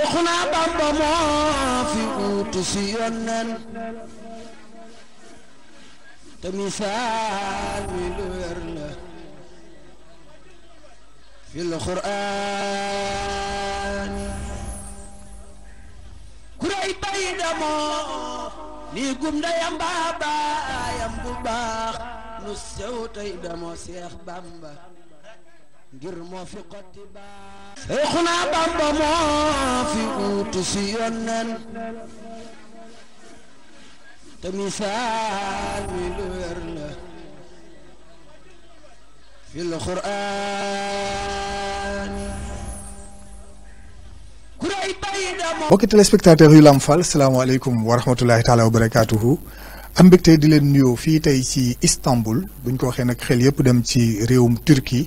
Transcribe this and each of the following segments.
Seexuna Bamba moo fi utu si yonent te misaal lu wér la fil Qur'aan kuréy bay damoo ni gumda yamba baayam bu baax nu sew tey damoo Seex Bamba ngir moo fi xotti baa Seexuna Bamba moo fi uutu si yonneen te misaal mi lu wér la wa rahmatullahi taala wa barakaatuhu am bekté di len nuyo fi tay ci Istanbul buñ ko waxé nak xel yëpp dem ci réewum Turquie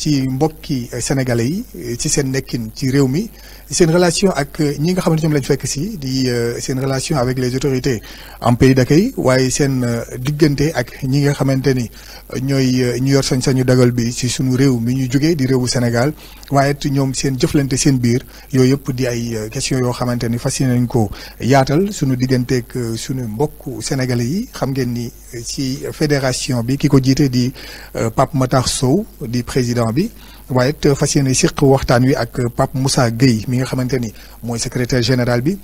ci mbokki sénégalais yi ci sen nekkine ci réew mi sen relation ak ñi nga xamanteni ñoom lañ fekk ci di euh, sen relation avec les autorités en pays d'accueil waye sen euh, digënté ak ñi nga xamanteni euh, ñoy ñu yor sañ-sañu dagal bi ci suñu réew mi ñu jógee di réewu Sénégal waye it ñoom seen jëflante seen biir yooyu yëpp di ay question yo xamanteni ni nañ ko yaatal suñu digënté ak suñu mbokk sénégalais yi xam ngeen ni ci fédération bi kiko jité di Pape Matar Sow di président bi waye it fassiyene cheikh waxtan wi ak Pape Moussa Guèye mi nga xamanteni moy secrétaire général bi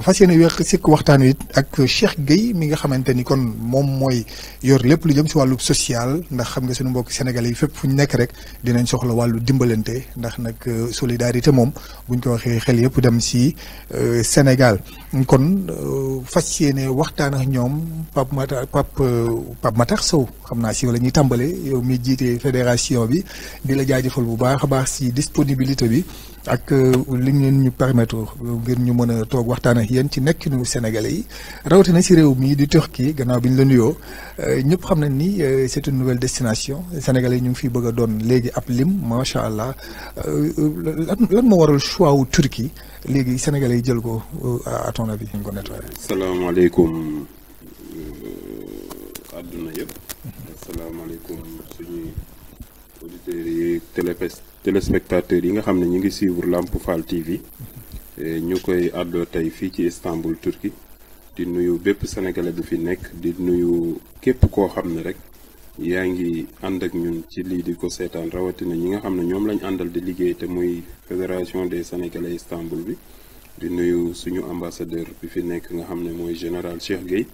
fassiyene yéene weq siq waxtaan wi ak Cheikh Guèye mi nga xamanteni kon mom moy yor lepp lu jëm ci walu social ndax xam nga suñu mbokk sénégalais yi fépp fu ñu nekk rek dinañ soxla walu dimbalenté ndax nak euh, solidarité mom buñ ko waxee xel yëpp dem ci euh, Sénégal. kon euh, fas yéene waxtaan ak ñoom Pape Matar Pape euh, Pape Matar Sow xam naa si wala ñuy tàmbale yow mi jiite fédération bi di la jaajëfal bu baax a baax si disponibilité bi. ak euh, li ngeen ñu permettre euh, ngeen ñu mën a toog waxtaan ak yéen ci nekkinu Sénégalais yi na si réew mi di Turquie gannaaw bi ñu la nuyoo euh, ñëpp xam nañ ni c'est une nouvelle destination Sénégalais ñu ngi fi bëgg a doon léegi ab lim macha allah lan lan moo waral choix wu Turquie léegi Sénégalais yi jël ko à ton avis ñu ko nettoyé. salaamaaleykum àdduna yëpp. Mhm. salaamaaleykum suñuy auditeurs yi télépes téléspectateurs yi nga xam ne ñu ngi suivre Lamp Fall TV eh, ñu koy àddoo tey fii ci Istanbul Turquie di nuyu bépp sénégalais bu fi nekk di nuyu képp koo xam ne rek yaa ngi ànd ak ñun ci lii di ko seetaan rawatina ñi nga xam ne ñoom lañ àndal di liggéey te muy fédération des sénégalais Istanbul bi di nuyu suñu ambassadeur bi fi nekk nga xam ne mooy général Cheikh Gueye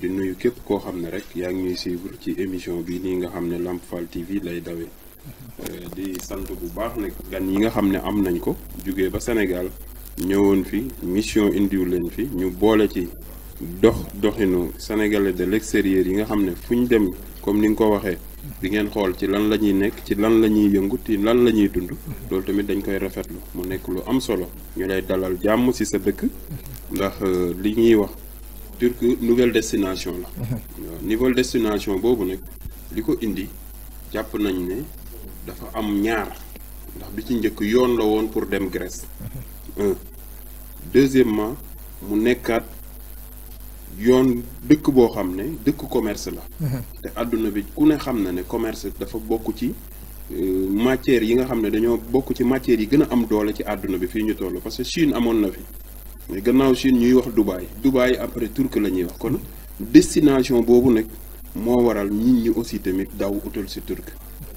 di nuyu képp koo xam ne rek yaa ngi ñuy suivre ci émission bi nii nga xam ne Lamp Fall TV lay dawee. Euh, di sant bu baax nag gan yi nga xam ne am nañ ko jugee ba Sénégal ñëwoon fi mission indiw leen fi ñu boole ci dox doxinu sénégalais de l'extérieur yi nga xam ne fu ñu dem comme ni nga ko waxee di ngeen xool ci lan la ñuy nekk ci lan la ñuy yëngu lan la ñuy dund loolu tamit dañ koy rafetlu mu nekk lu am solo ñu lay dalal jàmm ci sa dëkk ndax euh, li ñuy wax turc nouvelle destination la nouvelle destination boobu nag li ko indi jàpp nañ ne dafa am ñaar ndax bi ci njëkk yoon la woon pour dem Grèce un deuxièmement mu nekkaat yoon dëkk boo xam ne dëkk commerce la mhm. te àdduna bi ku ne xam na ne commerce dafa bokk ci euh, matière yi nga xam ne dañoo bokk ci matière yi gën a am doole ci àdduna bi fii ñu toll parce que Chine amoon na fi mais gannaaw Chine ñuy wax Dubaï Dubaï après turc la ñuy wax kon destination boobu nag moo waral nit ñi aussi tamit daw utal si turc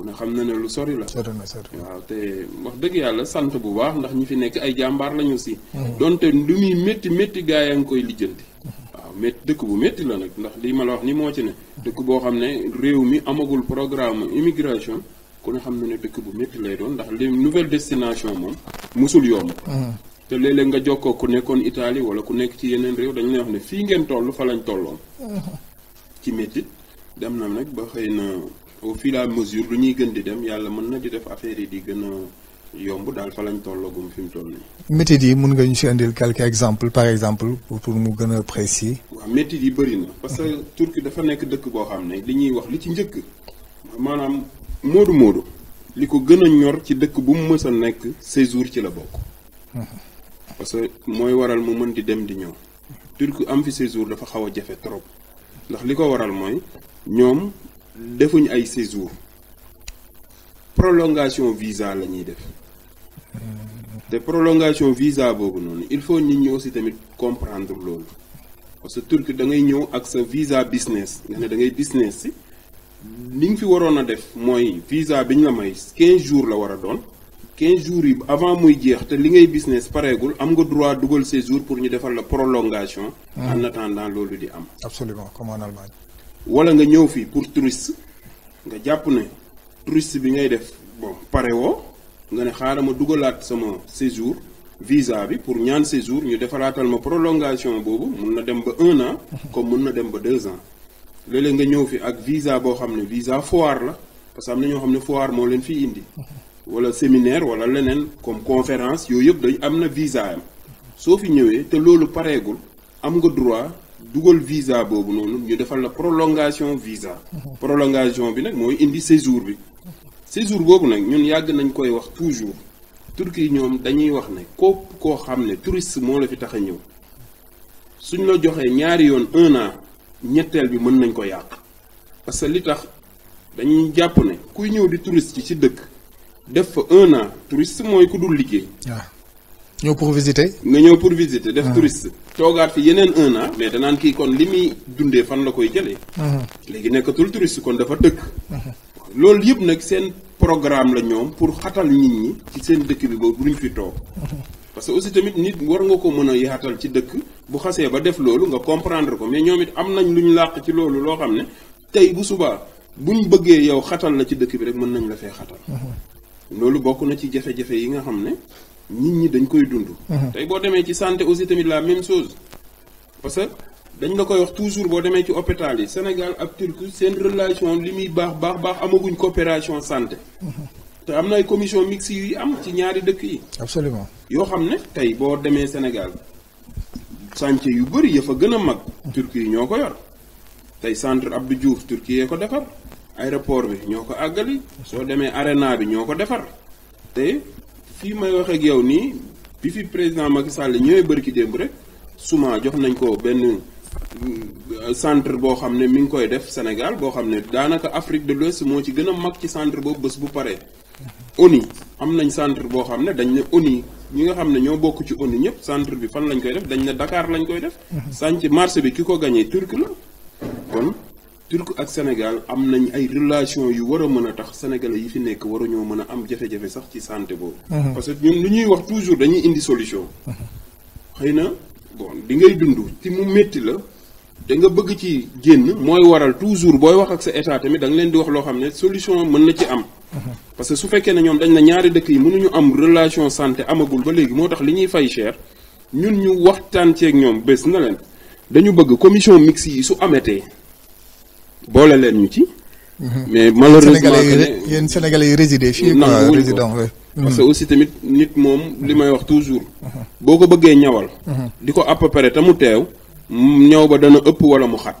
ku ne xam na ne lu sori la. sori waaw te wax dëgg yàlla sant bu baax ndax ñi fi nekk ay jàmbaar lañu si. Mhm. donte lu muy métti métti gaa yaa ngi koy lijjanti. Mhm. waaw métti dëkk bu métti la nag ndax lii ma la wax moo ci ne. Mhm. dëkk boo xam ne réew mi amagul programme immigration ku ne xam na ne bu métti lay doon ndax li nouvelle destination moom mosul yomb. te léeg-léeg nga jokkoo ku nekkoon Italie wala ku nekk ci yeneen réew dañu lay wax ne fii ngeen tollu fa lañ tolloon. ci métti dem na nag ba xëy na. au fil à mesure lu ñuy gën di dem yàlla mën na di def affaire yi di gën a yomb daal fa lañ tollagum fi mu toll nii. yi mun nga ñu si indil quelque exemple par exemple pour mu gën a précis. waaw méthodes yi bëri na parce que Turquie dafa nekk dëkk boo xam ne li ñuy wax li ci njëkk maanaam moodu moodu li ko gën a ñor ci dëkk bu mu mës a nekk séjour ci la bokk. Hum. parce que mooy waral mu mën di dem di ñëw. Turquie am fi séjour dafa xaw a jafe trop ndax li ko waral mooy ñoom defuñ ay séjour prolongation visa la prolongation visa il faut que nous aussi comprendre à parce que da ngay ñëw visa business Vous da business Ce que nous fi fait, visa 15 jours la 15 jours avant muy jeex te li ngay business pareegul am droit séjour pour ñu la prolongation. Mmh. en attendant absolument comme en Allemagne. wala nga ñëw fii pour touriste nga jàpp ne touriste bi ngay def bon pare woo nga ne xaaral ma dugalaat sama séjour visa bi pour ñaan séjour ñu defaraatal ma prolongation boobu mun na dem ba un an comme mun na dem ba deux ans léeg nga ñëw fi ak visa boo xam ne visa foire la parce que am na ñoo xam ne foire moo leen fii indi wala séminaire wala leneen comme conférence yooyu yëpp dañ am na visa am soo fi ñëwee te loolu pareegul am nga droit dugal visa bobu noonu ñu defal la prolongation visa. prolongation bi nak moy indi séjour bi. séjour bobu nak ñun yag nañ koy wax toujours turki ñom dañuy wax ne ko ko xam touriste mo la fi tax ñew suñ la joxé ñaari yoon 1 an ñettel bi mën nañ ko yàq parce que li tax dañuy japp ne kuy ñew di touriste ci dëkk def fa 1 an touriste moy ku dul liggéey. ñoo pour visiter. nga ñëw pour visiter def ah. touriste. toogaat fi yeneen un an mais danaan kii kon li muy dundee fan la koy jëlee. Ah. léegi nekkatul touriste kon dafa dëkk. Ah. loolu yëpp nag seen programme la ñoom pour xatal nit ñi ci seen dëkk bi ba duñ fi toog. parce que aussi tamit nit war nga ko mën a yaatal ci dëkk bu xasee ba def loolu nga comprendre ko mais ñoom it am nañ lu ñu làq ci loolu loo xam ne tey bu subaa buñ bëggee yow xatal na ci dëkk bi rek mën nañ la fee xatal. bokk na ci jafe yi nga xam ne. nit ñi dañ koy dund. tey boo demee ci santé aussi tamit la même chose parce que dañ la koy wax toujours boo demee ci hôpital yi Sénégal ak Turquie seen relation li muy baax baax baax amaguñ coopération santé. te am na ay commission mixte yu am ci ñaari dëkk yi. absolument yoo xam ne tey boo demee Sénégal chantier yu bëri ya fa gën a mag. Turquie yi ñoo ko yor tey centre Abdou Diouf Turquie yee ko defar aéroport bi ñoo ko àggali. soo demee arena bi ñoo ko defar te. fii may wax yow nii bi fi président Macky Sall ñëwee bëriki démb rek suma jox nañ ko benn euh, centre boo xam ne mi ngi koy def Sénégal boo xam ne daanaka Afrique de l'Ouest moo ci gën a mag ci centre boobu bës bu paree. ONU am nañ centre boo xam ne dañ ne ONU ñi nga xam ne ñoo bokk ci ONU ñëpp centre bi fan lañ koy def dañ ne dakaar lañ koy def. Mm-hmm. sànc marché bi ki ko gañee turc la Turquie ak Sénégal am nañ ay relation yu war a mën a tax sénégalais yi fi nekk war ñoo mën a am jafe-jafe sax ci santé boobu. Mhm. parce que ñun lu ñuy wax toujours dañuy indi solution. Mhm. xëy na bon di ngay dund ci mu métti la. da nga bëgg ci génn mooy waral toujours booy wax ak sa état tamit da nga leen di wax loo xam ne solution mën na ci am. Mhm. parce que su fekkee ne ñoom dañ na ñaari dëkk yi mënuñu am relation santé amagul ba léegi moo tax li ñuy fay cher ñun ñu waxtaan ceeg ñoom bés na leen dañu bëgg commission mixte yi su amatee. boole leen ñu ci. Mhm. mais malheureusement Sénégalais yi yéen Sénégalais yi résidé fii quoi résident parce que mhm. aussi tamit nit moom li may wax toujours. Mhm. boo ko bëggee ñawal. di ko à peu près te mu teew ñaw ba dana ëpp wala mu xat.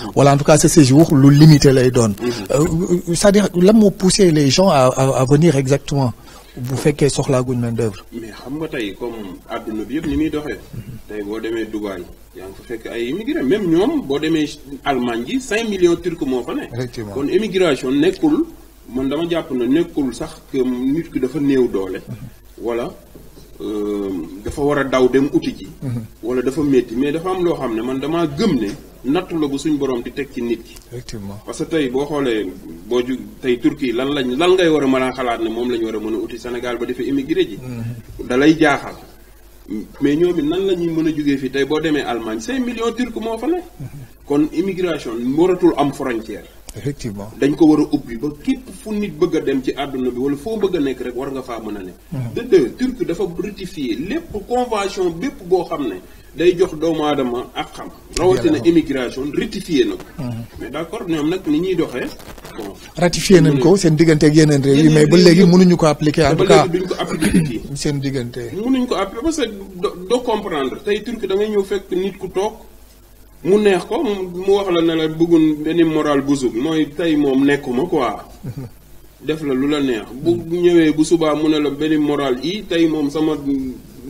Mhm. voilà en tout cas ce séjour le limité les donne mhm. euh, euh, c'est-à-dire là m'ont poussé les gens à à venir exactement bu fekkee soxlaaguñ main d'œuvre mais xam nga tey comme àdduna bi yëpp ni muy doxee tey boo demee Dubaï yaa ngi fa fekk ay immigré même ñom bo démé Allemagne ji cinq millions turcs mo fa nekk kon immigration nekul man dama japp na nekul sax que nit ki dafa néw doolé mhm. voilà Euh, dafa war a daw dem uti ji. Mhm. wala dafa métti mais dafa am loo xam ne man damaa gëm ne nattu la bu suñ borom di teg ci nit ki. effectivement parce que tey boo xoolee boo ju tey Turquie lan lañ lan ngay war a mën a xalaat ne moom la ñu war a mën a uti Sénégal ba defee immigré ji. Mhm. da lay jaaxal. mais ñoom nan la ñuy mën a jógee fii tey boo demee Allemagne cinq millions turcs moo fa ne. Mhm. kon immigration waratul am frontière. effectivement dañ ko war a ubbi ba képp fu nit bëgg a dem ci àdduna bi wala foo bëgg a nekk rek war nga faa mën a ne de deux Turquie dafa ratifié lépp convention bépp boo xam ne day jox doomu aadama ak xam rawatina immigration ratifié na ko mais d'accord ñoom nag ni ñuy doxee ratifier nañ ko seen diggante ak yeneen réew yi mais ba léegi mënuñu ko appliquer en tout cas duñ ko appliquer seen diggante mënuñ ko appliquer parce que doo comprendre tey Turquie da ñëw fekk nit ku toog mu neex ko mu wax la ne la moral bu sub mooy tey moom nekkuma quoi def la lu neex bu ñëwee bu subaa mu ne la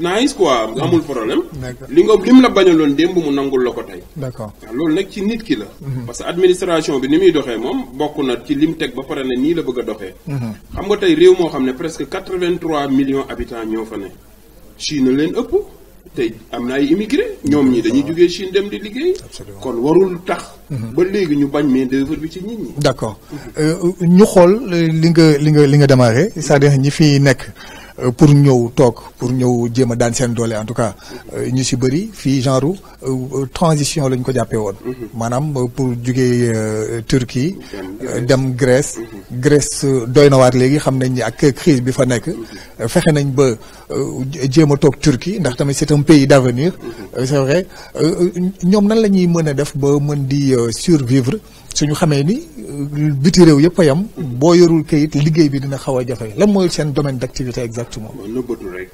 nice quoi amul problème li nga lim la bañaloon démb mu nangul la ko ci mhm. parce que administration bi ni muy na ci lim teg ba pare a xam presque 83 millions habitants ñoo Chine tey am na ay immigré ñoom ñi dañuy jugee Chine dem di liggéey. kon warul tax. Mhm. ba léegi ñu bañ main d'œuvre bi ci nit ñi. d'accord euh, ñu xool li nga li nga li nga demare sa à dire ñi fi nekk. Euh, pour ñëw toog pour ñëw jéem a daan seen doole en tout cas euh, ñu si bëri fii genre euh, transition lañ ko jàppee woon. Mhm. maanaam pour jugee Turquie. dem Grèce. Grèce mhm. doy na waar léegi xam nañ ni ak crise bi fa nekk mhm. fexe nañ ba jéem a toog Turquie ndax tamit c'est un pays d'avenir c'est vrai ñoom nan la ñuy mën a def ba mën di survivre. suñu xamee ni euh, biti réew yëpp a yam boo yorul kayit liggéey bi dina xaw a jafe lan mooy seen domaine d' activité exactement. nëbbatu rek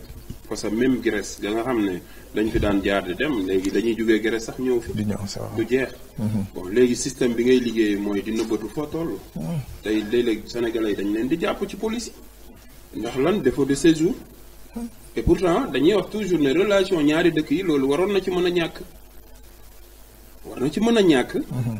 parce que même Grèce ga nga xam ne lañ fi daan jaar di dem léegi dañuy jógee Grèce sax ñëw fi. di ñëw sax du jeex. Mhm. léegi système bi ngay liggéey mooy di nëbbatu foo toll. Mhm. tey léeg-léeg sénégalais yi dañ leen di jàpp ci police yi ndax lan défaut de séjour. et pourtant dañuy wax toujours ne relation ñaari dëkk yi loolu waroon na ci mën a ñàkk. war ci mën a ñàkk. Mhm.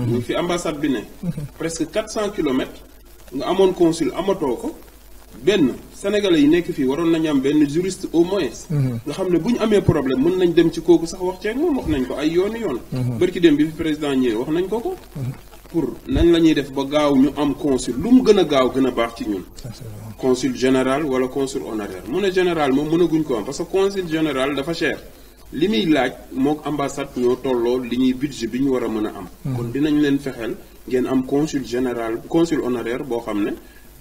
ñu mhm. fi ambassade bi ne mhm. presque quatre cent kilomètre nga amoon consul amatoo ko benn sénégalais yi nekk fii waroon nañu am benn juriste au moins mhm. nga xam ne bu ñu amee problème mën nañ dem ci kooku sax wax ceeg moom wax nañ ko ay yoon yoon bërki dem bi fi président ñëwee wax nañ ko ko pour nañ la ñuy def ba gaaw ñu am consul lu mu gën a gaaw gën a baax ci ñun consul général wala consul honoraire mu ne général moom mënaguñ ko am parce que consul général dafa li muy laaj mook ambassade ñoo tolloo li ñuy budget bi ñu war a mën a am. Hmm. kon dinañ leen fexeel ngeen am consul général consul honoraire boo xam ne.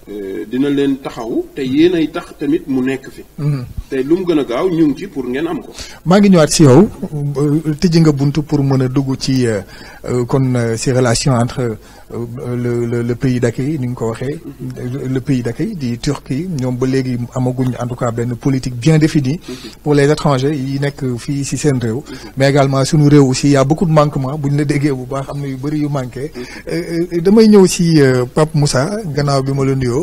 Euh, dina leen taxaw te yéenay tax tamit mu nekk fi. Mhm. te lu mu gën a gaaw ñu ngi ci pour ngeen am ko. maa ngi ñëwaat si yow tëj nga bunt pour mën a dugg ci euh, euh, kon ces relations entre le le le pays d'accueil ni nga ko waxee. Mhm. le pays d'accueil di Turquie ñoom ba léegi amaguñ en tout cas benn politique bien définie. Mhm. pour les étrangers yi nekk fii si seen réew. mais également suñu réew aussi y a beaucoup de manquements buñ la déggee bu baax am na yu bëri yu manqué. damay ñëw si Pape Moussa gannaaw bi ma la nuyoo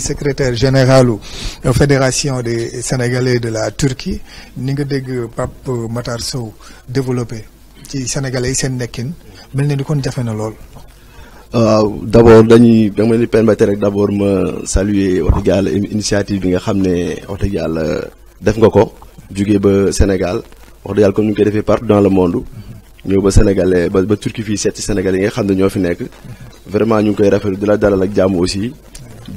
secrétaire général secrétaire la fédération des sénégalais de la Turquie ni nga dégg Pape matarso développer développé ci sénégalais yi seen nekkin mel na ni kon jafe na lool. waaw d' abord dañuy da ma leen rek d' ma saluer wax dëgg yàlla initiative bi nga xam ne wax dëgg yàlla def nga ko ba Sénégal wax dëgg yàlla comme ni ñu koy defee partout dans le monde. ñëw ba sénégalais ba ba Turquie fii sénégalais yi nga xam ne ñoo fi nekk vraiment ñu ngi koy rafetlu di la dalal ak jàmm aussi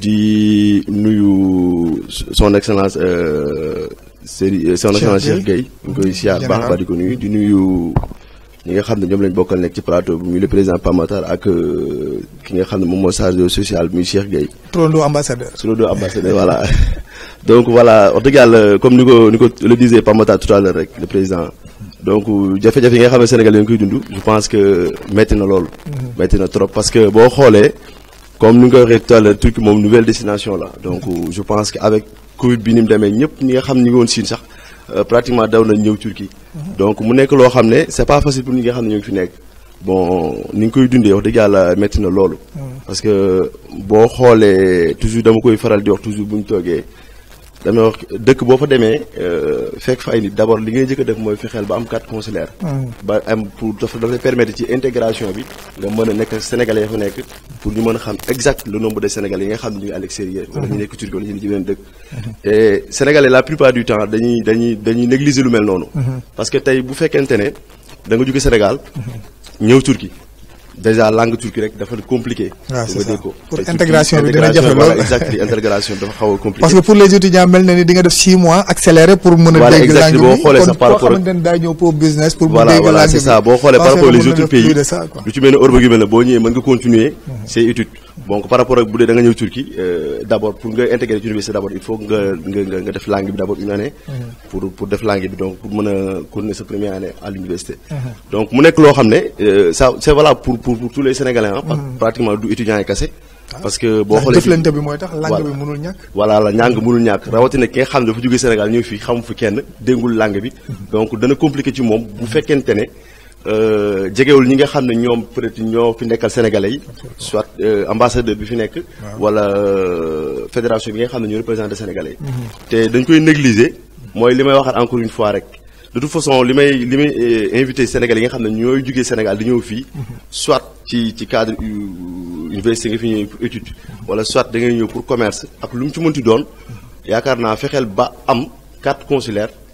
di nuyu son excellence c'est euh, euh, son excellence Cheikh Gueye ñu siar baax ba di ko nuyu di nuyu ñi nga xamne ñom lañ bokkal nek ci plateau bi muy le président Pamatar ak euh, ki nga xamne ne moom moo chargé social muy Cheikh Gueye. sur ambassadeur. turandoo ambassadeur voilà donc voilà wax dëgg comme niko niko le disait Pamatar tout à l'heure rek le président. donc jafé jafé nga xamne Sénégal yi nga koy dund. je pense que metti na lool mm-hmm. metti na trop parce que bo xolé comme ni nga ko waxee tout mon nouvelle destination là donc euh, je pense que avec Covid binim ni ñep demee ñi nga xam ni nga woon sax euh, pratiquement daw na ñëw turki mhm. donc mu nek lo xamné c'est pas facile pour ñi nga xam ne ngi fi nek bon ni nga koy dundé wax dëgg yalla metti na loolu mhm. parce que bo xolé toujours dama koy faral di wax toujours buñ togué damay wax dëkk boo fa demee euh, fekk fa ay nit d'abord li ngay njëkk a def mooy fexeel ba am carte consulaire. Mm. ba am pour de permettre ci intégration bi le monde n'est que sénégalais on fa nekk pour ñu montrer xam exact le nombre de sénégalais yi nga xam ne ñu ngi à l'extérieur. Mm-hmm. wala ñu nekk Turquie ñu ngi dëkk. Mm-hmm. sénégalais la plupart du temps dañuy dañuy dañuy négliger lu mel non mm-hmm. parce que tey bu fekkente ne da nga jóge Sénégal. au Turquie déjà langue turque rek dafa compliqué. waaw ah, c'est ça pour intégration bi dina jafe lool exact intégration dafa xaw compliqué. parce que pour les étudiants mel ni di nga def 6 mois accéléré pour mën a. dégg langue voilà exactement bo xolé ça par rapport kon da ñeu pour business. pour mu dégg langue voilà c'est ça bo xolé par rapport les autres pays lu ci mel ne Europe gi mel ne boo mën nga continuer mhm. ses études. donc par rapport ak boudé da nga ñëw turki euh d'abord pour nga intégrer ci université d'abord il faut nga nga nga def langue bi d'abord une année. Mm-hmm. pour pour def langue bi donc pour mëna a continuer sa première année à l'université mm-hmm. donc mu nek lo xamné ne euh, ça c' est valable pour pour pour tous les sénégalais hein, mm-hmm. pratiquement du étudiant cassé ah. parce que xolé def lenté bi moy tax langue bi mënul ñak voilà la ñang mënul ñàkk rawatina ki xam nga fu jógee Sénégal ñëw fi xam fu kenn déngul langue bi donc dana compliquer ci mom bu fekkenté djégéwul euh, ñi nga xamné ne ñoom peut être ñoo fi nekkal sénégalais soit euh, ambassadeur bi fi nekk wala euh, fédération bi nga xamné ne ñu représenté sénégalais mhm. té dañ koy négliger moy limay may encore une fois rek de toute façon limay limay li invité sénégalais yi nga xamné ñoy ñooy Sénégal di ñëw fii mhm. soit ci ci cadre université nga fi ñëw pour étude wala soit da ngay ñëw pour commerce ak lu mu ci mënti doon mhm. yaakaar naa fexeel ba am carte consulaire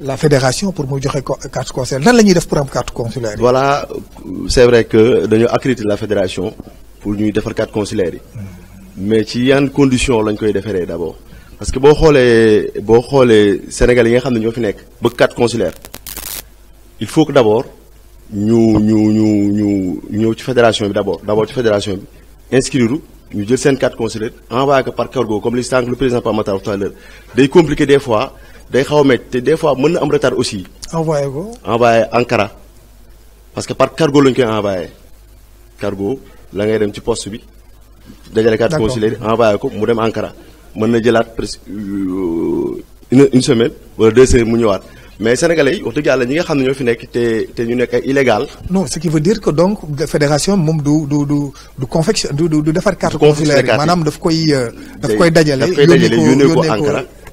la fédération pour nous joxe carte consulaire pour voilà c'est vrai que avons accréditer la fédération pour ñuy 4 carte mm. Mais il y a une condition lañ koy devons faire parce que si vous nous, les Sénégalais, nous il faut que d'abord, nous, nous, nous, nous, nous fédération fédération nous nous par cargo comme le président des fois day xaw a métti te des fois mën na am retard aussi. envoyé ko envoyé Ankara parce que par cargo la koy envoyé cargo la ngay dem ci poste bi. dajale carte consulaire envoyé ko mu dem Ankara mën na jëlaat presque euh, une semaine wala deux semaines mu ñëwaat. mais sénégalais yi wax dëgg yàlla ñi nga xam ne ñoo fi nekk te te ñu nekk ay illégal. non ce qui veut dire que donc fédération moom du du du du confection du du defar carte consulaire maanaam daf koy. Euh, daf koy dajale yónnee ko yónnee ko Ankara.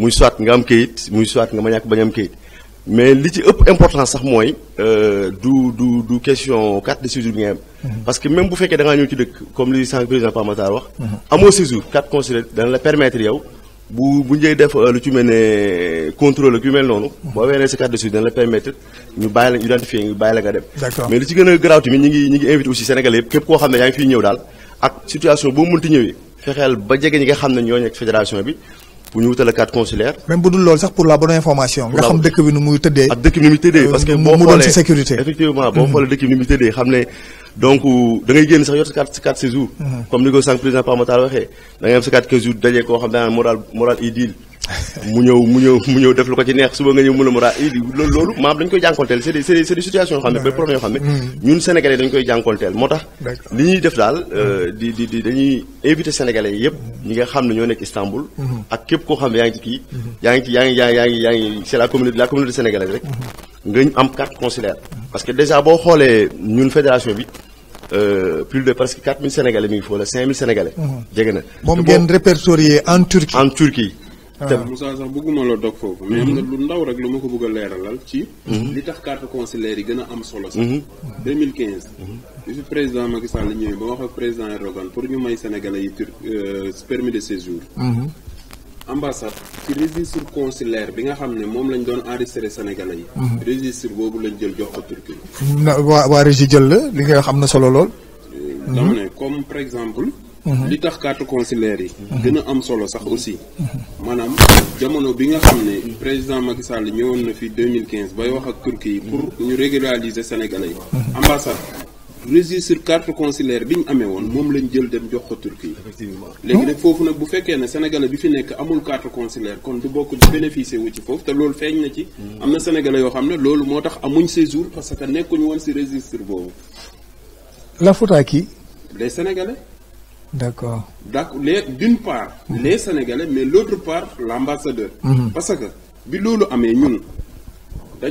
muy soit nga am kayit muy soit nga ma ñàkk bañ am kayit mais li ci ëpp importance sax mooy euh, du du du question carte de séjour bi nga am. Mhm. parce que même bu fekkee da ngaa ñëw ci dëkk comme li sànq président Pape Matar wax. Mhm. amoo séjour carte consulaire dana la permettre yow. bu bu njëy def euh, lu ci mel ne contrôle ak yu mel noonu. Mhm. boo weeree sa carte de séjour dana la permettre ñu bàyyi la identifier ñu bàyyi la nga dem. mais li ci gën a garaaw tamit ñu ngi ñu ngi invité aussi Sénégalais yëpp képp koo xam ne yaa ngi fiy ñëw daal ak situation boo mënti ñëwee fexeel ba jege ñi nga xam ne ñoo nekk fédération bi pour nous la carte consulaire. même pour nous pour la bonne information. Nous xam nous parce que nous avons sécurité. effectivement bon pour le nous donc da ngay sax mm-hmm. comme le président da ngay carte moral mu ñëw mu ñëw mu ñëw def lu ko ci neex suba nga ñëw mu la mu raa loolu loolu maam dañ koy jànkonteel c'est des c'est des situations yoo xam ne mm. ñun sénégalais dañ koy jànkonteel moo tax li ñuy def daal euh, mm. di di di dañuy invité sénégalais yëpp ñi nga xam ne ñoo nekk Istanbul mm-hmm. ak képp koo xam ne yaa ngi ci kii mm-hmm. yaa ngi ci yaa ngi yaa ngi yaa ngi c'est la communauté la rek mm-hmm. nga ñu am carte consulaire parce que déjà boo xoolee ñun fédération bi Euh, plus de presque Ah. te Moussa sax bëgguma la dog foofu mais mhm. am lu ndaw rek lu ma ko bëgg a leeralal ci mhm. li tax carte consulaire yi gën a am solo sax 2015 mhm. bi président Macky Sall ñëwee ba wax ak président Erdogan pour ñu may sénégalais yi tur euh, permis de séjour ambassade ci registre consulaire bi nga xam ne moom lañ doon enregistré sénégalais yi registre boobu lañ jël jox ko Turquie na waa waa régi jël la li nga wax na solo lool euh, dama ne comme par exemple Mhm. li tax carte consulaire yi. Mhm. gën a am solo sax aussi. Mhm. maanaam jamono bi nga xam ne président Macky Sall ñëwoon na fi 2015 bay wax ak Turquie yi pour ñu régulariser sénégalais yi. ambassade registre carte consulaire bi ñu amee woon moom lañ jël dem jox ko Turquie yi. léegi nag oh. foofu nag bu fekkee ne sénégale bi fi nekk amul carte consulaire kon du bokk di bénéficier wu ci foofu te loolu feeñ na ci. am na sénégalais yoo xam ne loolu moo tax amuñ séjour parce que nekkuñu woon si registre boobu. la kii. les sénégalais. D'accord. D'une part, les Sénégalais, mais l'autre part, l'ambassadeur. Mhm. Parce que, si nous avons nous les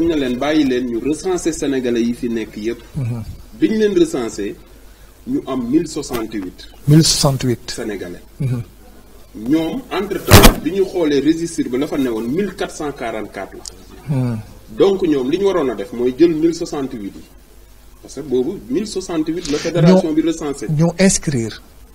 Sénégalais nous avons en 1068. Sénégalais. Nous mhm. entre-temps, nous avons les à 1444. Donc, nous avons 1068. Parce que 1068, la fédération est recensée. Nous inscrire.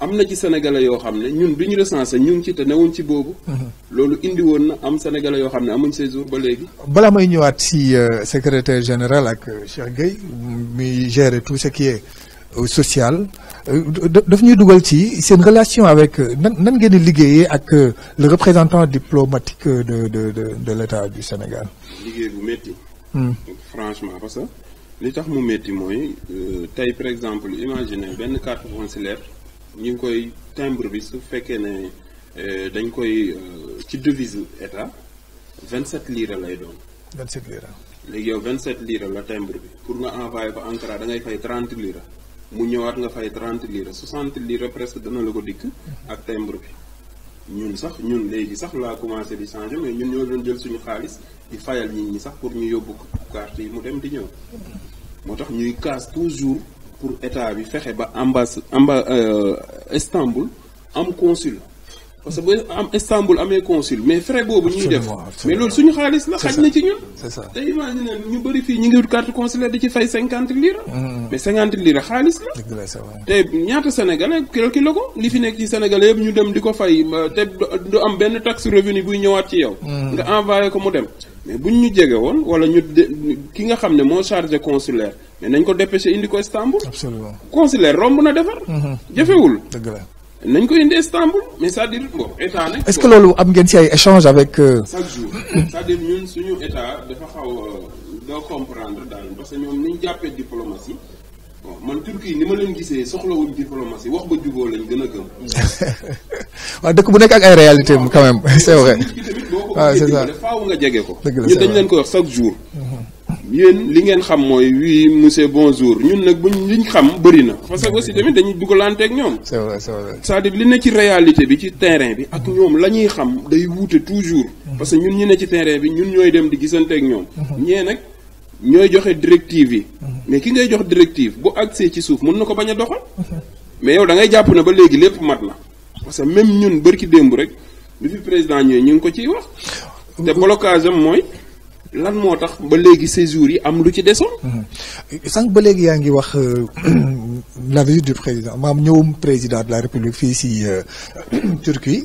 amna ci sénégalais yo xamné ñun duñu recenser recensé ñu ngi ci té néwun ci bobu mhm. lolu indi won na am sénégalais yo xamné ne amuñ séjour ba légui bala may ñëwaat ci euh, secrétaire général ak euh, Cheikh Gueye mi gérer tout ce qui est euh, social daf ñuy dugal ci seen relation avec nan ngeen di liggéeyee ak le représentant diplomatique de de de de l'état du Sénégal. liggéey bu metti hmm. franchement parce que li tax mu metti mooy tey par exemple imaginer benn carte consulaire. ñu ngi koy timbre bi su fekkee ne euh, dañ koy euh, ci devise état 27 lira lay doon. 27 lira. léegi yow 27 lira la timbre bi pour nga envoyé ko Ankara da ngay fay trente lira mu ñëwaat nga fay 30 lira 60 lira presque dana la ko dikk ak timbre bi. ñun sax ñun léegi sax laa commencé di changer mais ñun ñoo doon jël suñu xaalis di fayal nit ñi sax pour ñu yóbbu carte yi mu dem di ñëw moo tax ñuy kaas toujours pour état bi fexe ba ambass amba euh, Istanbul am consul parce que bu am Istanbul amee consul mais frais boobu ñuy def mais loolu suñu xaalis la xaj na ci ñun te imagine ñu bëri fii ñu ngi wut carte di ci fay cinquante lira mm. mais cinquante lira xaalis la te ñaata sénégalais ki la ko li fi nekk ci sénégalais yëpp ñu dem di ko fay te du am benn taxe revenu buy ñëwaat ci yow mm. nga envoyé ko mu dem mais buñ ñu jege woon wala ñu ki nga xamné mo moo chargé consulaire mais nañ ko dépêcher indi ko Istanbul. absolument consulaire romb na defar. Mhm. jëfewul. deug la nañ ko indi Istanbul mais ça à dire bon état nag. est-ce que loolu am ngeen ci ay échange avec. Euh, chaque jour ça à dire ñun suñu état dafa xaw do comprendre dal parce que ñom ni ñu jàppee diplomatie. bon man Turquie ni ma leen gisee soxlawul diplomatie wax ba juboo lañ gën a gëm. waaw dëkk bu nekk ak ay réalité mu quand même c'est vrai. waaw c'est ça faaw jege ko. dëgg ñun dañ leen ko wax jour. Mhm. yéen li ngeen xam mooy oui monsieur bonjour ñun nag buñ liñ xam bëri na. Mm-hmm. parce aussi tamit dañuy dugalanteeg ñoom. c'est vrai c'est vrai ne ci réalité bi ci terrain bi ak mm-hmm. ñoom la ñuy xam day wuute toujours. Mm-hmm. parce que ñun ñu ne ci terrain bi ñun ñooy dem di gisanteeg ñoom. ñee nag. ñooy joxe directive mhm. mais qui ngay jox directive bu accès ci mais yow da ngay parce que même ñun rek bi président ko wax. Mhm. blocage am lan yi am lu mhm. euh, la du président de la république fii euh, Turquie.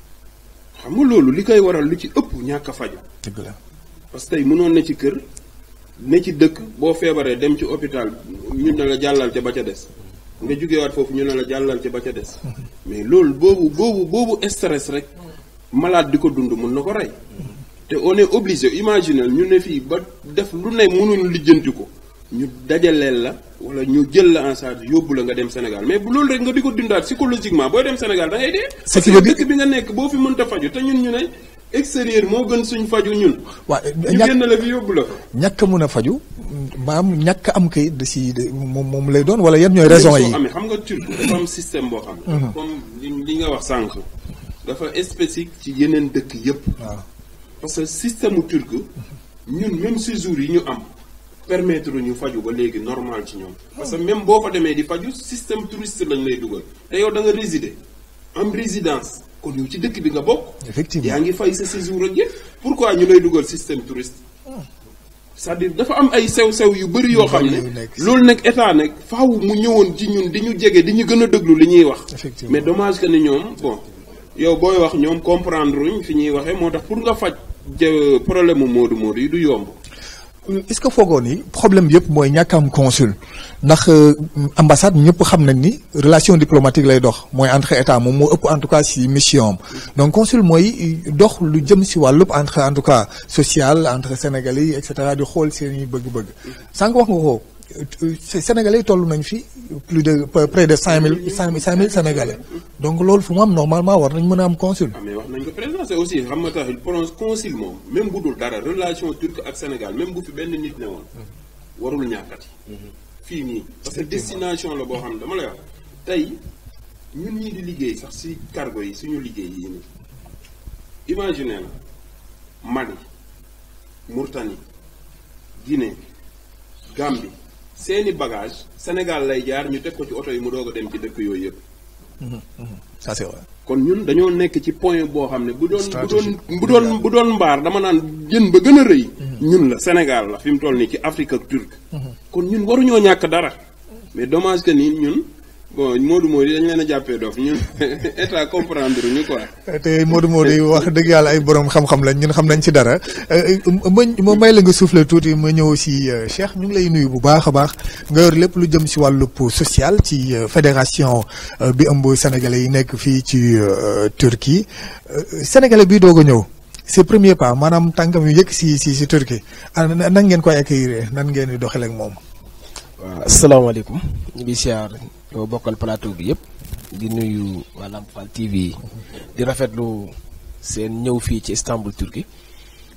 xam loolu li koy waral lu ci ëpp ñàkk a faju dëgg la parce que tey mënoon na ci kër ne ci dëkk boo feebaree dem ci hôpital ñu ne la jàllal ca ba ca des nga jugewaat foofu ñu ne la jàllal ca ba ca des mais loolu boobu boobu boobu stress rek malade di ko dund mun na ko rey te on est obligé imaginer ñu ne fii ba def lu ne mënuñu lijjanti ko ñu dajaleel la wala ñu jël la en charge yóbbu la nga dem Sénégal mais bu loolu rek nga di ko dundaat psychologiquement booy dem Sénégal da ngay dee. ce dëkk bi nga nekk boo fi mënta faju te ñun ñu ne extérieur moo gën suñ faju ñun. waa ñu génn la bi yóbbu la. ñàkk mën a faju maam ñàkk am kayit da si moom moom lay doon wala yan ñooy raison yi. amee xam nga Turquie dafa am système boo xam ne. Mhm. comme li nga wax sànq. dafa spécifique ci yeneen dëkk yëpp. parce que système turc ñun si séjour yi ñu am. permettre ñu faju ba léegi normal ci ñoom parce que même boo fa demee di faju système touriste lañ lay dugal te yow da nga résider am résidence kon yow ci dëkk bi nga bokk effectivement yaa ngi fay sa séjour ak yëpp pourquoi ñu lay dugal système touriste c'est-à-dire dafa am ay sew sew yu bëri yoo xam ne loolu nag état nag faaw mu ñëwoon ci ñun di ñu jege di ñu gën a déglu li ñuy wax mais dommage que ni ñoom bon yow booy wax ñoom comprendre uñ fi ñuy waxee moo tax pour nga faj problème mu moodu moodu yi du yomb est-ce que foogoo ni problème bi yëpp mooy ñàkk am consul ndax euh, ambassade ñëpp xam nañ ni relation diplomatique lay dox mooy entre état moom moo ëpp en tout cas si mission donc consul mooy euh, dox lu jëm si wàllub entre en tout cas social entre sénégalais yi et cetera di xool seen i bëgg-bëgg sànq wax nga ko. Euh, euh, sénégalais plus de près de cinq mille sénégalais donc loolu normalement war consul. Ah, mais le aussi xam un consul même vous relation turque ak Sénégal même vous fi ben nit warul parce destination la destination. xam dama lay wax Mali Guinée Gambie. seeni bagage Sénégal lay jaar ñu teg ko ci oto yi mu doog dem ci dëkk yooyu yëpp. ça kon ñun dañoo nekk ci point boo xam ne bu doon bu doon bu doon bu doon mbaar dama naan jën ba gën a rëy. Mhm. ñun la Sénégal la fi mu toll nii ci Afrique ak Turquie. Mhm. kon ñun waruñoo ñàkk dara. mais dommage que ni ñun. bon Modou Modou dañ leen a jàppee dof ñun état comprendre ñu quoi. te Modou Modou wax dëgg yàlla ay borom xam-xam lañ ñun xam nañ ci dara eh, eh, ma may la nga la tuuti ma ñëw si euh, Cheikh ñu ngi lay nuyu bu baax a baax nga yor lépp lu jëm si pour social ci euh, fédération euh, bi ëmb sénégalais yi nekk fii ci Turquie sénégalais bii doog a ñëw c'est premier pas maanaam tànkam yu yëkk si si si Turquie ah, nan ngeen koy accueillir nan ngeen di doxalee moom. waaw asalaamaaleykum ñu ñoo bokkal plateau bi yëpp di nuyu waa Lamp Fall TV di rafetlu seen ñëw fii ci Istanbul Turquie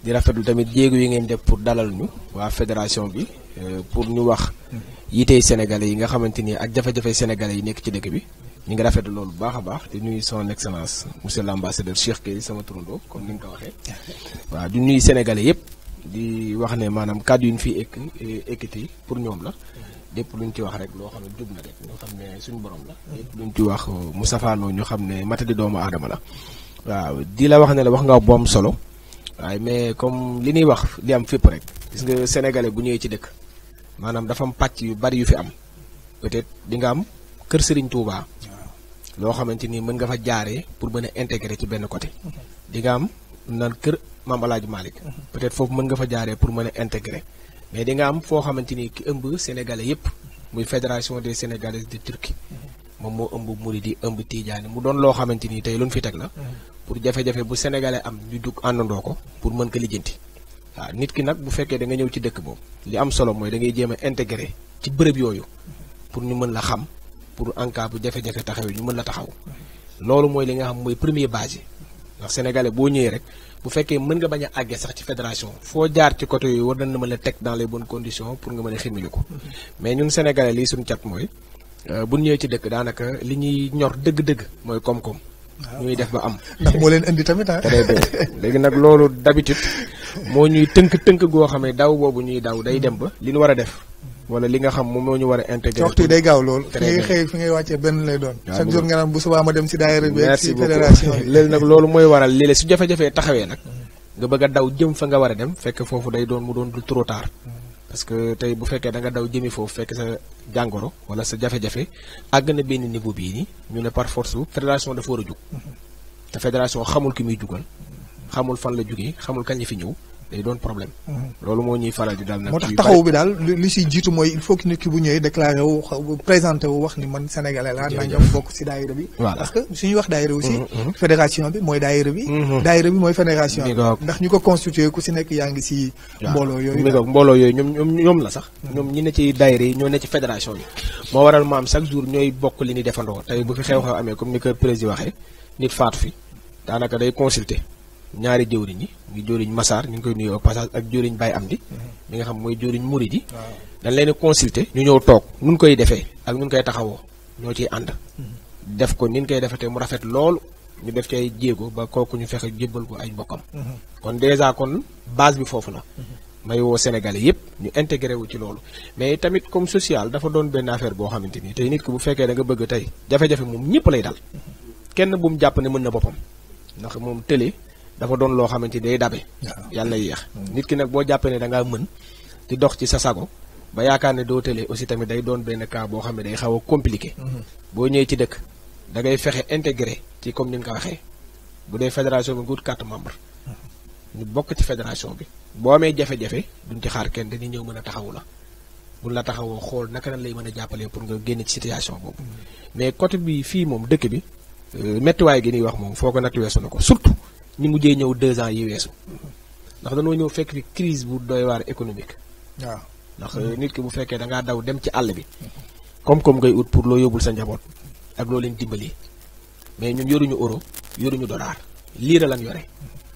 di rafetlu tamit jéego yi ngeen def pour dalal ñu waa fédération bi euh, pour ñu wax yitey sénégalais yi nga xamante ni ak jafe-jafe sénégalais yi nekk ci dëkk bi ñu ngi rafet loolu bu baax a baax di nuyu son excellence monsieur l'ambassadeur Cheikh Gueye sama turandoo kon ni nga ko waxee waaw di nuyu sénégalais yëpp di wax ne maanaam kàddu yi ñu fi ekk e-, ekkiti pour ñoom la dépp lu ñu ci wax rek loo xam ne jub na rek ñu xam ne suñu borom la. lu ñu ci wax euh, mu safaanoo ñu xam ne matadi doomu aadama la. waaw di la wax ne la wax nga bu am solo waaye mais comme li ñuy wax li am fépp rek gis nga sénégalais bu ñëwee ci dëkk maanaam dafa am pàcc yu bari yu fi am peut-être di nga am kër Serigne tuubaa loo xamante ni mën nga fa jaaree pour mën a ci benn côté. di nga am naan kër Maam El Hadj mhm. peut-être foofu mën nga fa jaaree pour mën a intégrer. mais di nga am foo xamante ni ki ëmb sénégalais yëpp muy fédération des sénégalais de Turquie moom moo ëmb mu di ëmb tiijaani mu doon loo xamante ni tey loolu ñu fi teg la pour jafe-jafe bu sénégalais am ñu dugg àndandoo ko pour mën ko lijjanti waaw nit ki nag bu fekkee da nga ñëw ci dëkk boobu li am solo mooy dangay ngay jéem intégré ci bërëb yooyu pour ñu mën la xam pour en cas bu jafe-jafe taxaw ñu mën la taxaw loolu mooy li nga xam mooy premier base yi ndax boo ñëwee rek bu fekkee mën nga bañ a àggee sax ci fédération foo jaar ci côté yooyu war nañ la a teg dans les bonnes conditions pour nga mën a ximili ko mm-hmm. mais ñun sénégalais lii suñu cat mooy euh, bu ñëwee ci dëkk daanaka li ñuy ñor dëgg-dëgg mooy koom-koom. ñuy def ba am. ndax moo leen indi tamit ah. léegi nag loolu d'habitude moo ñuy tënk-tënk goo xam ne daw boobu ñuy daw day dem ba li nu war a def. wala li nga xam moom moo ñu war a intégré. waxtu yi day gaaw lool. fi ngay xëy fi ngay wàccee benn lay doon. chaque jour nga bu subaa ma dem si daayira bi. si beaucoup léegi nag loolu mooy waral léeg su jafe-jafe taxawee nag. nga bëgg daw jëm fa nga war a dem fekk foofu day doon mu doon du trop tard. parce que tey bu fekkee da nga daw jëmi foofu fekk sa jàngoro wala sa jafe-jafe àgg na benn niveau bii nii ñu ne par force fédération dafa war a jug. te fédération xamul ki muy jugal. xamul fan la jugee xamul kañ la fi ñëw day doon problème. Mhm. loolu moo ñuy faral di daal nag. moo tax bi daal li si jiitu mooy il faut que nit ki bu ñëwee déclaré wu présenté wu wax ni man sénégalais laa. nangam bokk si daayira bi. parce que suñuy wax daayira aussi. Mhm, mhm. fédération bi mooy daayira bi. daayira bi mooy fédération bi. ndax ñu ko constitué ku si nekk yaa ngi si. mbooloo yooyu waaw mbooloo yooyu ñoom ñoom la sax. ñoom ñi ne ci daayira ñoo ne fédération yi. moo waral maam chaque jour ñooy bokk li ñuy defandoo tey bu fi xew-xew amee comme ni ko président waxee nit faat fi daanaka day consulter ñaari jëwriñ yi muy jëwriñ Massar ñu ngi koy nuyoo passage ak jëwriñ am Amdi mhm. mi nga xam mooy jëwriñ muri di dañ leen consulter ñu ñëw toog nun koy defee ak nun koy taxawoo ñoo ciy ànd mhm. def ko nin koy defee te mu rafet loolu ñu def ci ay jéego ba kooku ñu fexe jébbal ko ay mbokkam mhm. kon dèjà kon base bi foofu la may woo Sénégalais yëpp ñu intégré wu ci loolu mais tamit comme social dafa doon benn affaire boo xamante ni te nit ki bu fekkee danga bëgg tey jafe-jafe ñëpp lay dal kenn bu mu jàpp ne mën na boppam ndax moom télé dafa doon loo xamante day dabe yàlla yéex mm. nit ki nag boo jàppee ne da ngaa mën di dox ci sa sago ba yaakaar ne doo tëlee aussi tamit day doon benn cas boo xam ne day xaw a compliqué mm-hmm. boo ñëwee ci dëkk da ngay fexe intégré ci comme ni nga ko waxee bu dee fédération bi nga wut quatre membres mm-hmm. ñu bokk ci fédération bi boo amee jafe-jafe duñ ci xaar kenn dañuy ñëw mën a taxawu la bu la taxawoo xool naka na lay mën a jàppalee pour nga génn ci situation boobu mm-hmm. mais côté bi fii moom dëkk bi euh, méttiwaay gi ñuy wax moom foo ko weesu na ko surtout ñi mujjee ñëw deux ans yi weesu ndax dañoo ñëw fekk fi crise bu doy waar économique waaw ndax euh, nit ki bu fekkee da ngaa daw dem ci àll bi koom-koom ngay ut pour loo yóbbul sa njaboot ak loo leen dimbali mais ñun yoruñu euro yoruñu dollar liira lan yore